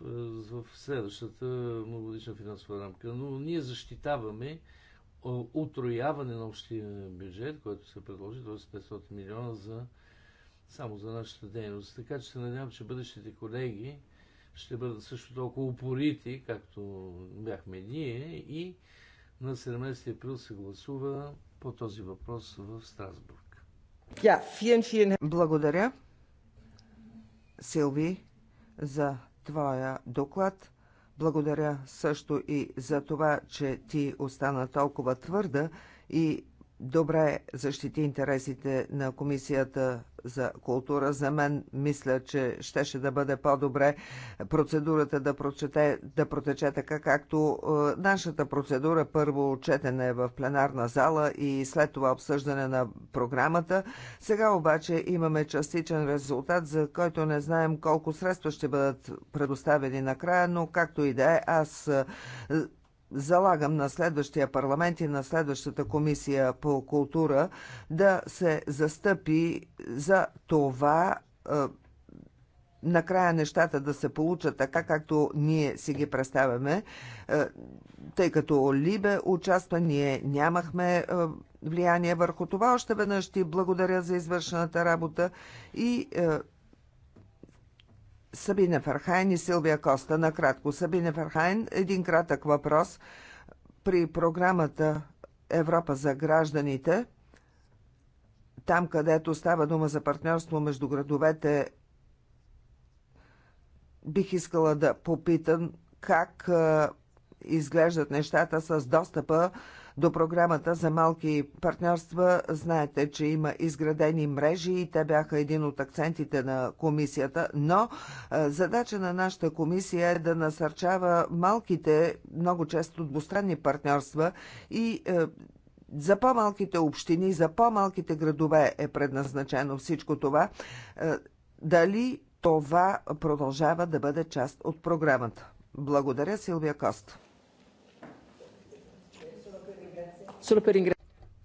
Speaker 3: в следващата многогодишна финансова рамка. Но ние защитаваме утрояване на общия бюджет, който се предложи, т.е. 500 милиона за, само за нашата дейност. Така че се надявам, че бъдещите колеги ще бъдат също толкова упорити, както бяхме ние и на 17 април се гласува по този въпрос в Страсбург.
Speaker 2: Yeah, Благодаря, Силви, за твоя доклад. Благодаря също и за това, че ти остана толкова твърда и добре защити интересите на Комисията за култура. За мен мисля, че щеше да бъде по-добре процедурата да, прочете, да протече така, както е, нашата процедура. Първо четене в пленарна зала и след това обсъждане на програмата. Сега обаче имаме частичен резултат, за който не знаем колко средства ще бъдат предоставени накрая, но както и да е, аз е, залагам на следващия парламент и на следващата комисия по култура да се застъпи за това е, накрая нещата да се получат така, както ние си ги представяме, е, тъй като Либе участва, ние нямахме е, влияние върху това. Още веднъж ти благодаря за извършената работа и Сабина Фархайн и Силвия Коста. Накратко, Сабина Фархайн, един кратък въпрос. При програмата Европа за гражданите, там където става дума за партньорство между градовете, бих искала да попитам как изглеждат нещата с достъпа до програмата за малки партньорства. Знаете, че има изградени мрежи и те бяха един от акцентите на комисията, но е, задача на нашата комисия е да насърчава малките, много често двустранни партньорства и е, за по-малките общини, за по-малките градове е предназначено всичко това. Е, дали това продължава да бъде част от програмата? Благодаря, Силвия Кост.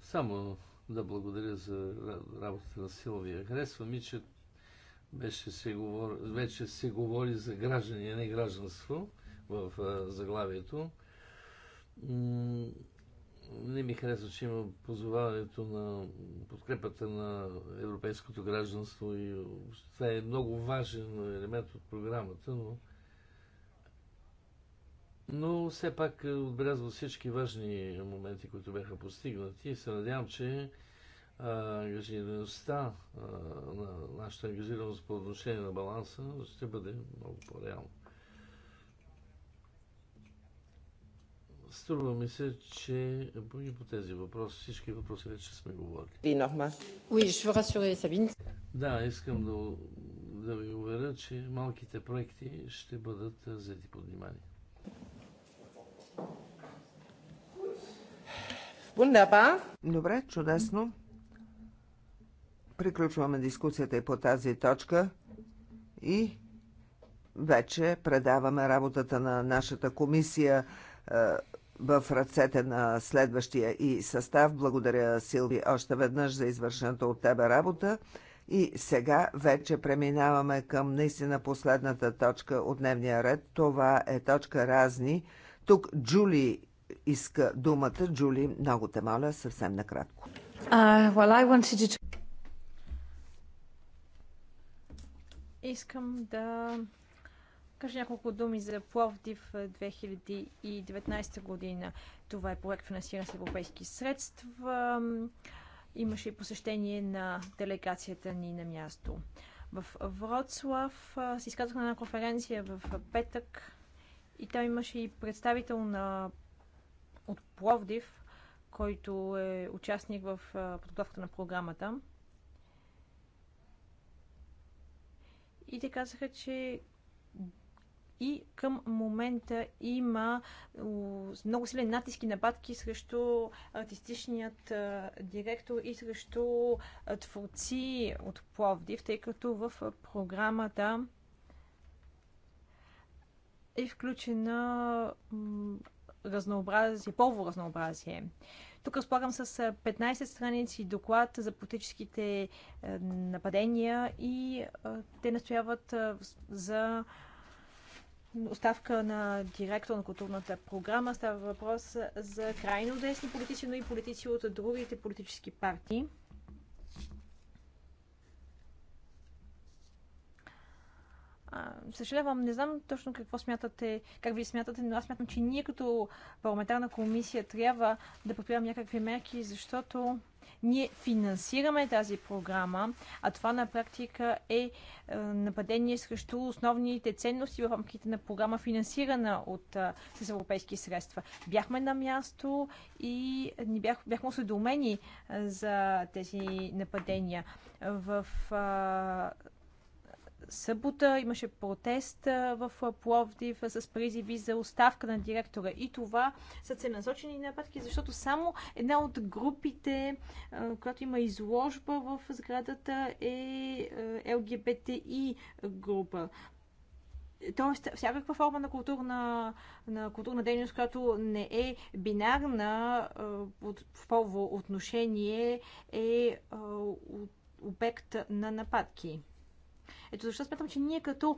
Speaker 3: Само да благодаря за работата на Силвия. Харесва ми, че беше се говор... вече се говори за граждани, а не гражданство в заглавието. не ми харесва, че има позоваването на подкрепата на европейското гражданство и това е много важен елемент от програмата, но но все пак е, отбелязвам всички важни моменти, които бяха постигнати и се надявам, че ангажираността на нашата ангажираност по отношение на баланса ще бъде много по-реална. Струва ми се, че и по тези въпроси, всички въпроси вече сме говорили. Да, искам да, да ви уверя, че малките проекти ще бъдат взети под внимание.
Speaker 2: Wunderbar. Добре, чудесно. Приключваме дискусията и по тази точка и вече предаваме работата на нашата комисия е, в ръцете на следващия и състав. Благодаря, Силви, още веднъж за извършената от тебе работа. И сега вече преминаваме към наистина последната точка от дневния ред. Това е точка разни – тук Джули иска думата. Джули, много те моля, съвсем накратко.
Speaker 1: Uh, well, to... Искам да кажа няколко думи за Пловдив 2019 е, година. Това е проект финансиран с европейски средства. Имаше и посещение на делегацията ни на място. В Вроцлав се изказах на една конференция в петък и там имаше и представител на от Пловдив, който е участник в подготовката на програмата. И те казаха, че и към момента има много силен натиски нападки срещу артистичният директор и срещу творци от Пловдив, тъй като в програмата е включена разнообразие, полово разнообразие. Тук разполагам с 15 страници доклад за политическите нападения и те настояват за оставка на директор на културната програма. Става въпрос за крайно десни политици, но и политици от другите политически партии. съжалявам, не знам точно какво смятате, как вие смятате, но аз смятам, че ние като парламентарна комисия трябва да предприемем някакви мерки, защото ние финансираме тази програма, а това на практика е, е нападение срещу основните ценности в рамките на програма, финансирана от, с европейски средства. Бяхме на място и ни бях, бяхме осведомени за тези нападения. В събота имаше протест в Пловдив с призиви за оставка на директора. И това са целенасочени нападки, защото само една от групите, която има изложба в сградата е ЛГБТИ група. Тоест, всякаква форма на културна, на културна дейност, която не е бинарна от, в полово отношение, е обект на нападки. Ето защо смятам, че ние като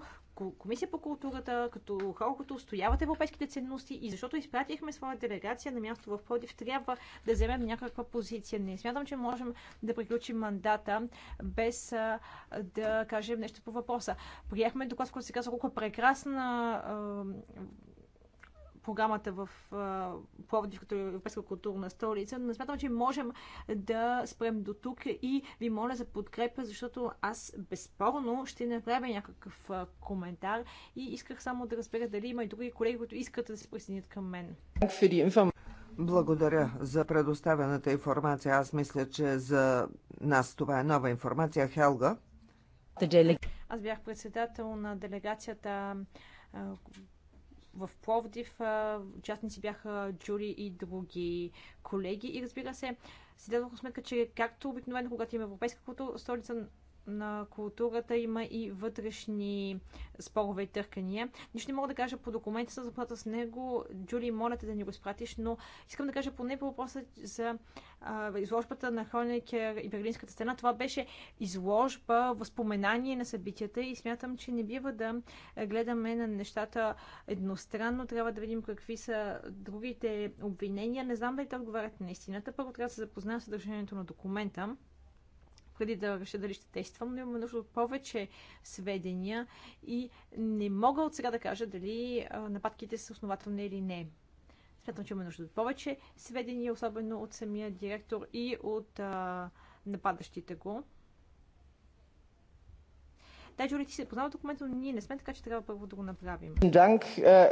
Speaker 1: Комисия по културата, като хора, които устояват европейските ценности и защото изпратихме своя делегация на място в Плодив, трябва да вземем някаква позиция. Не смятам, че можем да приключим мандата без а, да кажем нещо по въпроса. Приехме доклад, в който се казва колко е прекрасна а, програмата в Пловдив като Европейска културна столица, но смятам, че можем да спрем до тук и ви моля за подкрепа, защото аз безспорно ще направя някакъв коментар и исках само да разбера дали има и други колеги, които искат да се присъединят към мен.
Speaker 2: Благодаря за предоставената информация. Аз мисля, че за нас това е нова информация. Хелга.
Speaker 1: Аз бях председател на делегацията в Пловдив. Участници бяха Джури и други колеги. И разбира се, си дадох сметка, че както обикновено, когато има европейска столица, на културата има и вътрешни спорове и търкания. Нищо не мога да кажа по документи, съм запознат с него. Джули, моля те да ни го спратиш, но искам да кажа поне по въпроса за а, изложбата на Хронекер и Берлинската стена. Това беше изложба, възпоменание на събитията и смятам, че не бива да гледаме на нещата едностранно. Трябва да видим какви са другите обвинения. Не знам дали те отговарят на истината. Първо трябва да се запознаем с съдържанието на документа преди да реша дали ще тествам, но имам нужда от повече сведения и не мога от сега да кажа дали нападките са основателни или не. Смятам, че имаме нужда от повече сведения, особено от самия директор и от а, нападащите го. Да, Джули, ти се познава документа, но ние не сме, така че трябва първо да го направим.
Speaker 2: Данк,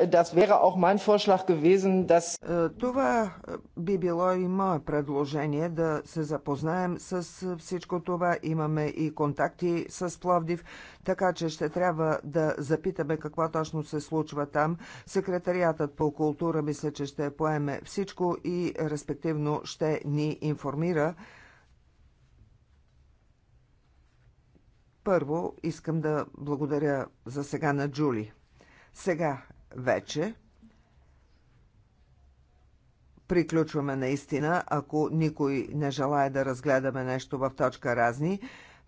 Speaker 2: дас вера auch майн форшлах gewesen, дас... Е, това е, би било и мое предложение да се запознаем с е, всичко това. Имаме и контакти с Пловдив, така че ще трябва да запитаме какво точно се случва там. Секретариатът по култура мисля, че ще поеме всичко и респективно ще ни информира Първо искам да благодаря за сега на Джули. Сега вече приключваме наистина, ако никой не желая да разгледаме нещо в точка разни.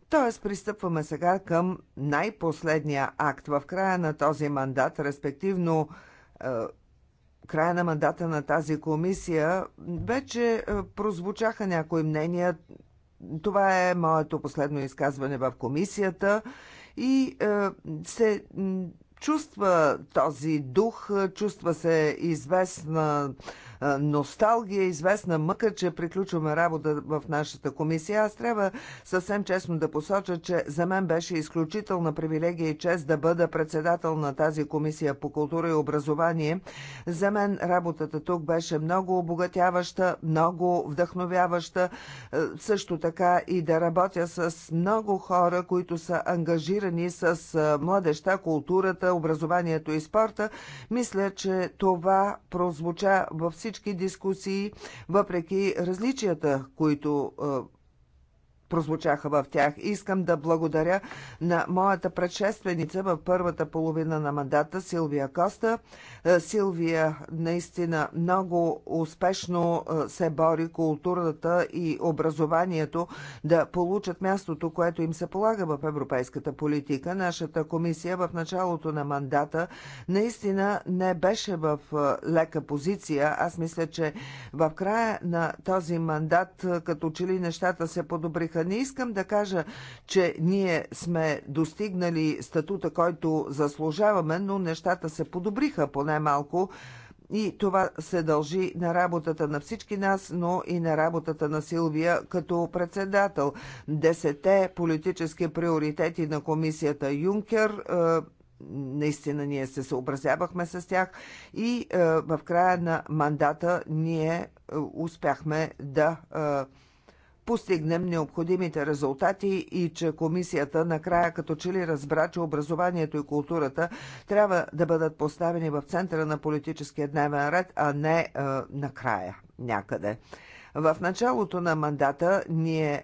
Speaker 2: Т.е. пристъпваме сега към най-последния акт в края на този мандат, респективно е, края на мандата на тази комисия. Вече е, прозвучаха някои мнения, това е моето последно изказване в комисията и е, се чувства този дух, е, чувства се известна носталгия, е известна мъка, че приключваме работа в нашата комисия. Аз трябва съвсем честно да посоча, че за мен беше изключителна привилегия и чест да бъда председател на тази комисия по култура и образование. За мен работата тук беше много обогатяваща, много вдъхновяваща. Също така и да работя с много хора, които са ангажирани с младеща, културата, образованието и спорта. Мисля, че това прозвуча във всички всички дискусии, въпреки различията, които прозвучаха в тях. Искам да благодаря на моята предшественица в първата половина на мандата Силвия Коста. Е, Силвия наистина много успешно е, се бори културата и образованието да получат мястото, което им се полага в европейската политика. Нашата комисия в началото на мандата наистина не беше в е, лека позиция. Аз мисля, че в края на този мандат като че ли нещата се подобриха останаха. Не искам да кажа, че ние сме достигнали статута, който заслужаваме, но нещата се подобриха поне малко. И това се дължи на работата на всички нас, но и на работата на Силвия като председател. Десете политически приоритети на комисията Юнкер е, наистина ние се съобразявахме с тях и е, в края на мандата ние е, успяхме да е, постигнем необходимите резултати и че комисията накрая като че ли разбра, че образованието и културата трябва да бъдат поставени в центъра на политическия дневен ред, а не е, накрая някъде. В началото на мандата ние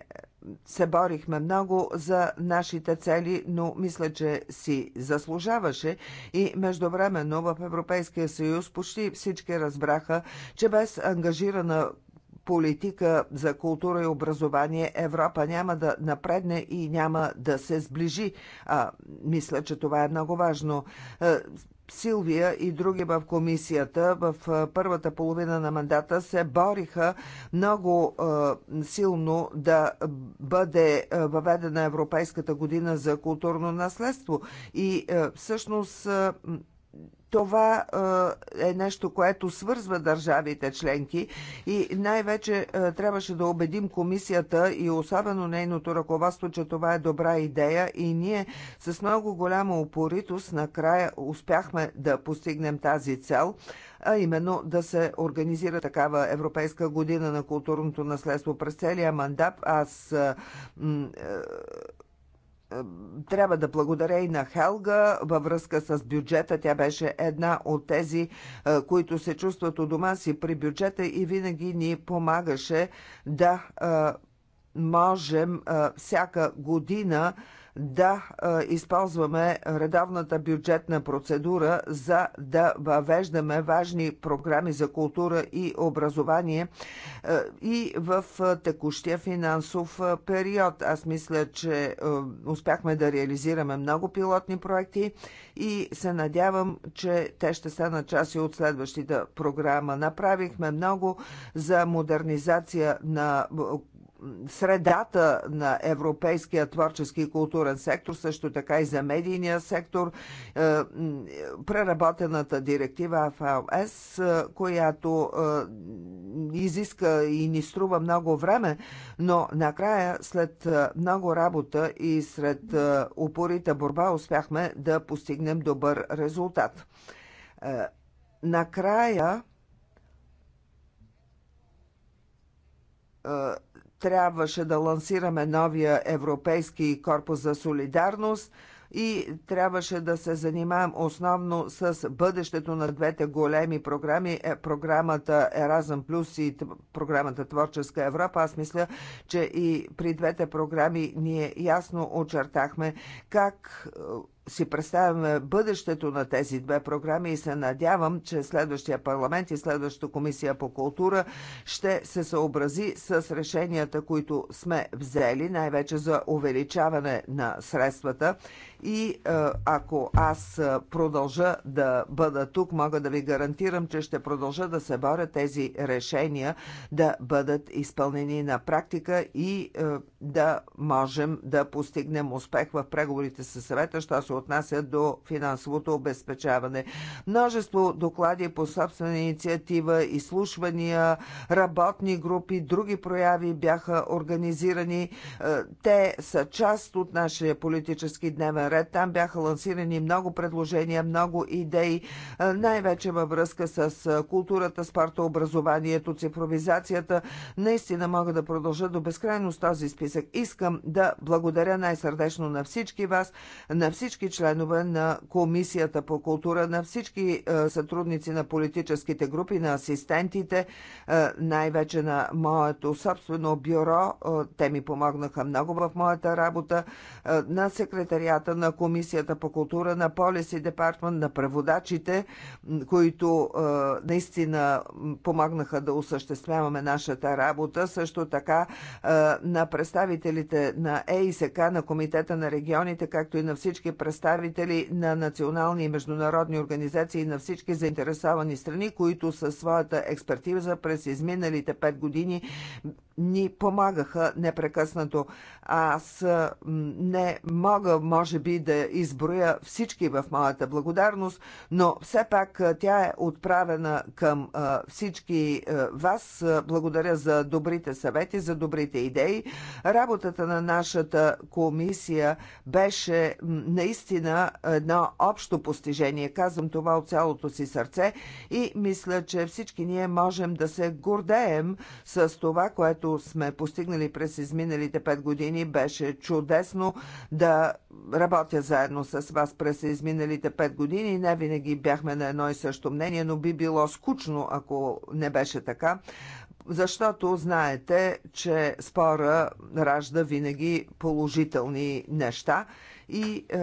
Speaker 2: се борихме много за нашите цели, но мисля, че си заслужаваше и междувременно в Европейския съюз почти всички разбраха, че без ангажирана политика за култура и образование Европа няма да напредне и няма да се сближи. А, мисля, че това е много важно. Силвия и други в комисията в първата половина на мандата се бориха много е, силно да бъде въведена Европейската година за културно наследство. И е, всъщност. Е, това е нещо, което свързва държавите членки и най-вече трябваше да убедим комисията и особено нейното ръководство, че това е добра идея и ние с много голяма упоритост накрая успяхме да постигнем тази цел а именно да се организира такава Европейска година на културното наследство през целия мандат. Аз трябва да благодаря и на Хелга във връзка с бюджета. Тя беше една от тези, е, които се чувстват у дома си при бюджета и винаги ни помагаше да е, можем е, всяка година да използваме редовната бюджетна процедура, за да въвеждаме важни програми за култура и образование и в текущия финансов период. Аз мисля, че успяхме да реализираме много пилотни проекти и се надявам, че те ще станат част и от следващите програма. Направихме много за модернизация на средата на европейския творчески и културен сектор, също така и за медийния сектор, е, преработената директива АФЛС, е, която е, изиска и ни струва много време, но накрая след много работа и сред упорита борба успяхме да постигнем добър резултат. Накрая трябваше да лансираме новия Европейски корпус за солидарност и трябваше да се занимаем основно с бъдещето на двете големи програми, е, програмата Еразъм Плюс и програмата Творческа Европа. Аз мисля, че и при двете програми ние ясно очертахме как е, си представяме бъдещето на тези две програми и се надявам, че следващия парламент и следващата комисия по култура ще се съобрази с решенията, които сме взели, най-вече за увеличаване на средствата. И е, ако аз е, продължа да бъда тук, мога да ви гарантирам, че ще продължа да се боря тези решения да бъдат изпълнени на практика и е, да можем да постигнем успех в преговорите с съвета, що се отнася до финансовото обезпечаване. Множество доклади по собствена инициатива, изслушвания, работни групи, други прояви бяха организирани. Е, те са част от нашия политически дневен ред. Там бяха лансирани много предложения, много идеи, е, най-вече във връзка с е, културата, спорта, образованието, цифровизацията. Наистина мога да продължа до безкрайност този списък. Искам да благодаря най-сърдечно на всички вас, на всички всички членове на Комисията по култура, на всички е, сътрудници на политическите групи, на асистентите, е, най-вече на моето собствено бюро. Е, те ми помогнаха много в моята работа, на секретарията на Комисията по култура, на Полиси Департмент, на преводачите, които наистина помогнаха да осъществяваме нашата работа. Също така на представителите на ЕИСК, на Комитета на регионите, както и на всички представители представители на национални и международни организации на всички заинтересовани страни, които със своята експертиза през изминалите пет години ни помагаха непрекъснато. Аз не мога, може би, да изброя всички в моята благодарност, но все пак тя е отправена към всички вас. Благодаря за добрите съвети, за добрите идеи. Работата на нашата комисия беше наистина едно общо постижение. Казвам това от цялото си сърце и мисля, че всички ние можем да се гордеем с това, което което сме постигнали през изминалите пет години. Беше чудесно да работя заедно с вас през изминалите пет години. Не винаги бяхме на едно и също мнение, но би било скучно, ако не беше така защото знаете, че спора ражда винаги положителни неща и е,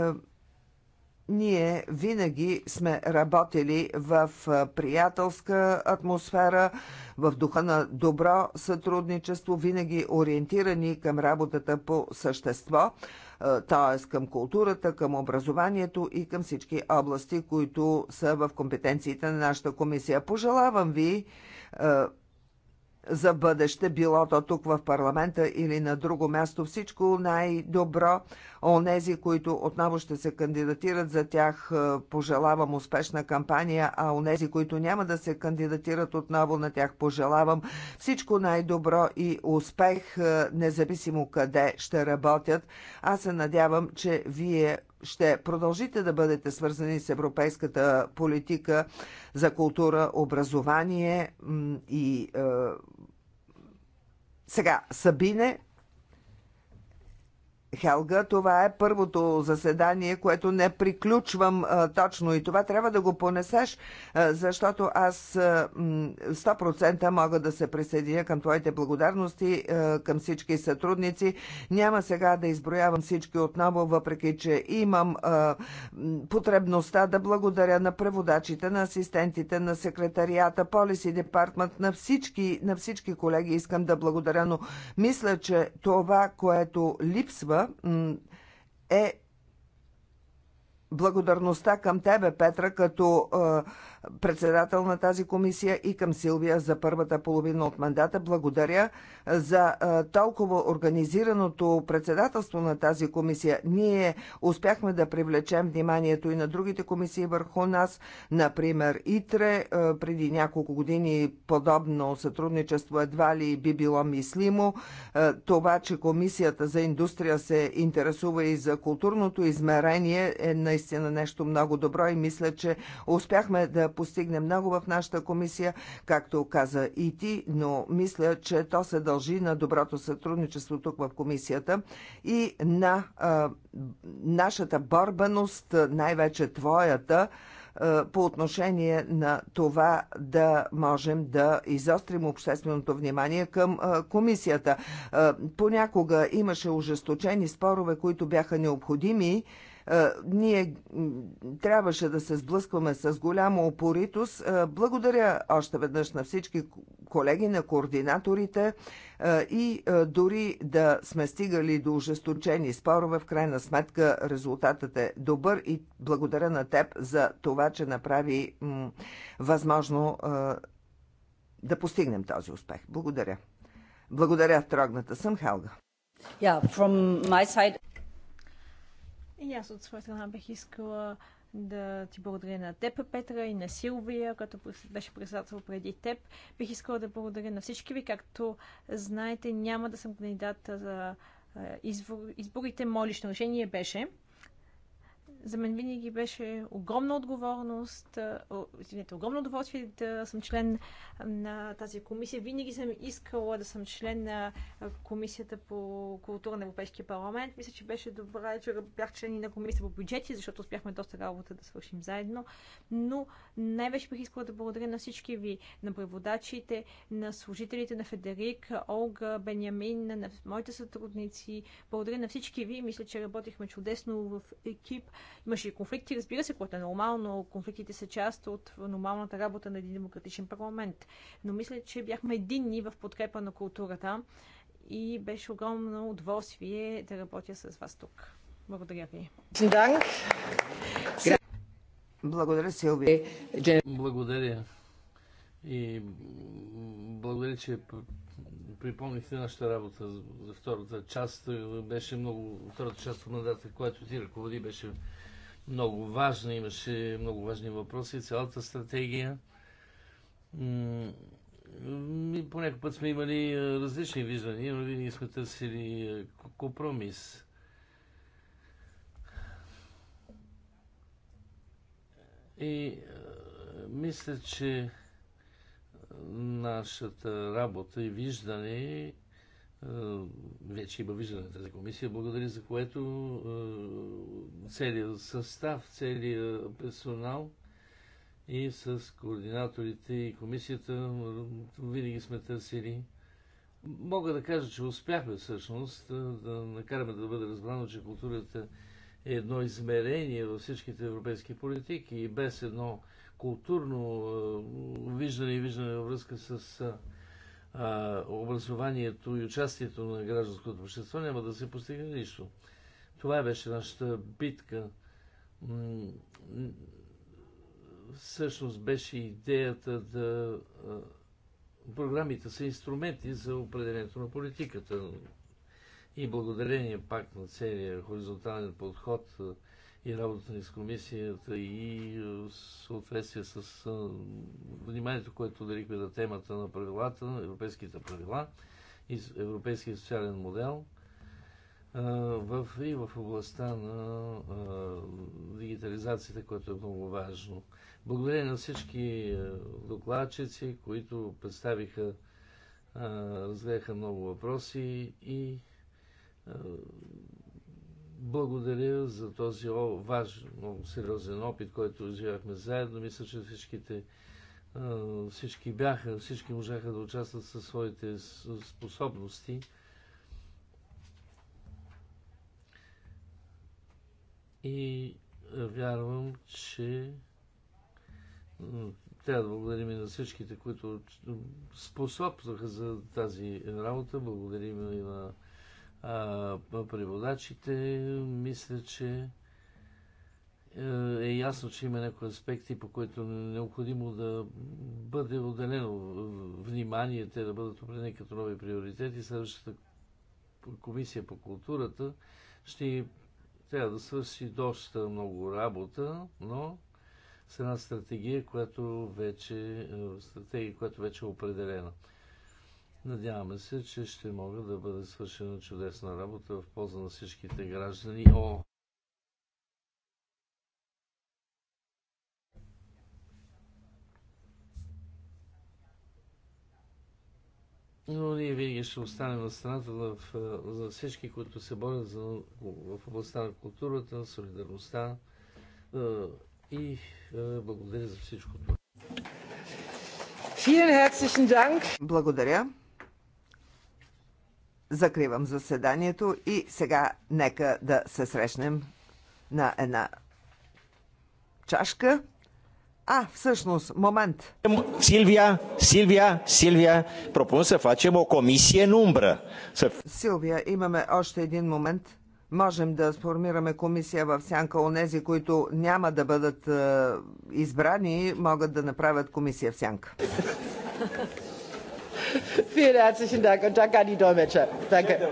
Speaker 2: ние винаги сме работили в приятелска атмосфера, в духа на добро сътрудничество, винаги ориентирани към работата по същество т.е. към културата, към образованието и към всички области, които са в компетенциите на нашата комисия. Пожелавам ви за бъдеще, било то тук в парламента или на друго място, всичко най-добро онези, които отново ще се кандидатират за тях, е, пожелавам успешна кампания, а онези, които няма да се кандидатират отново на тях, пожелавам всичко най-добро и успех, е, независимо къде ще работят. Аз се надявам, че вие ще продължите да бъдете свързани с европейската политика за култура, образование и. Е... Сега, Сабине, Хелга, това е първото заседание, което не приключвам а, точно и това трябва да го понесеш, а, защото аз а, 100% мога да се присъединя към твоите благодарности, а, към всички сътрудници. Няма сега да изброявам всички отново, въпреки че имам а, потребността да благодаря на преводачите, на асистентите, на секретарията, полиси департмент, на всички, на всички колеги искам да благодаря, но мисля, че това, което липсва, е благодарността към тебе, Петра, като е, председател на тази комисия, и към Силвия за първата половина от мандата. Благодаря за толкова организираното председателство на тази комисия. Ние успяхме да привлечем вниманието и на другите комисии върху нас, например ИТРЕ. Преди няколко години подобно сътрудничество едва ли би било мислимо. Това, че комисията за индустрия се интересува и за културното измерение е наистина нещо много добро и мисля, че успяхме да постигне много в нашата комисия, както каза и ти, но мисля, че то се дължи на доброто сътрудничество тук в комисията и на а, нашата борбаност, най-вече твоята, по отношение на това да можем да изострим общественото внимание към комисията. Понякога имаше ужесточени спорове, които бяха необходими е, ние трябваше да се сблъскваме с голяма опоритост. Е, благодаря още веднъж на всички колеги, на координаторите е, и дори да сме стигали до ужесточени спорове, в крайна сметка резултатът е добър и благодаря на теб за това, че направи възможно да постигнем този успех. Благодаря. Благодаря, трогната съм, Хелга. Yeah, from my side...
Speaker 1: И аз от своя страна бих искала да ти благодаря на теб, Петра, и на Силвия, като беше председател преди теб. Бих искала да благодаря на всички ви. Както знаете, няма да съм кандидат за изборите. Мое лично решение беше за мен винаги беше огромна отговорност, извинете, огромно удоволствие да съм член на тази комисия. Винаги съм искала да съм член на Комисията по култура на Европейския парламент. Мисля, че беше добра, че бях член на Комисията по бюджети, защото успяхме доста работа да свършим заедно. Но най-вече бих искала да благодаря на всички ви, на преводачите, на служителите на Федерик, Олга, Бенямин, на моите сътрудници. Благодаря на всички ви. Мисля, че работихме чудесно в екип. Имаше и конфликти, разбира се, което е нормално. Конфликтите са част от нормалната работа на един демократичен парламент. Но мисля, че бяхме единни в подкрепа на културата и беше огромно удоволствие да работя с вас тук. Благодаря ви.
Speaker 2: Благодаря, Силви.
Speaker 3: Благодаря. И благодаря, че припомнихте нашата работа за втората част. Беше много, втората част от мандата, която ти ръководи, беше много важна, имаше много важни въпроси, цялата стратегия. По Понякога път сме имали различни виждания, но винаги сме търсили компромис. И мисля, че нашата работа и виждане е, вече има виждане на тази комисия, благодаря за което е, целият състав, целият персонал и с координаторите и комисията е, винаги сме търсили. Мога да кажа, че успяхме всъщност да накараме да бъде разбрано, че културата е едно измерение във всичките европейски политики и без едно културно виждане и виждане във връзка с а, образованието и участието на гражданското общество, няма да се постигне нищо. Това беше нашата битка. Всъщност беше идеята да. Програмите са инструменти за определението на политиката. И благодарение пак на целия хоризонтален подход, и работата ни с комисията и е, съответствие с е, вниманието, което дарихме на темата на правилата, на европейските правила и европейския социален модел е, в, и в областта на дигитализацията, което е много важно. Благодаря на всички докладчици, които представиха, разгледаха много въпроси и благодаря за този важен, много сериозен опит, който живяхме заедно. Мисля, че всичките всички бяха, всички можаха да участват със своите способности. И вярвам, че трябва да благодарим и на всичките, които способстваха за тази работа. Благодарим и на а, преводачите, мисля, че е, е ясно, че има някои аспекти, по които е необходимо да бъде отделено внимание, те да бъдат определени като нови приоритети. Следващата комисия по културата ще трябва да свърши доста много работа, но с една стратегия, която вече, е, стратегия, която вече е определена. Надяваме се, че ще мога да бъде свършена чудесна работа в полза на всичките граждани. О! Но ние винаги ще останем на страната е, за всички, които се борят за, в областта на културата, на солидарността е, и е, благодаря за всичко това.
Speaker 2: Благодаря. Закривам заседанието и сега нека да се срещнем на една чашка. А, всъщност, момент.
Speaker 1: Силвия, Силвия, Силвия, пропун се фачем о комисия нумбра.
Speaker 2: Силвия, имаме още един момент. Можем да сформираме комисия в сянка. Онези, които няма да бъдат е, избрани, могат да направят комисия в сянка. Vielen herzlichen Dank und danke an die Dolmetscher. Danke.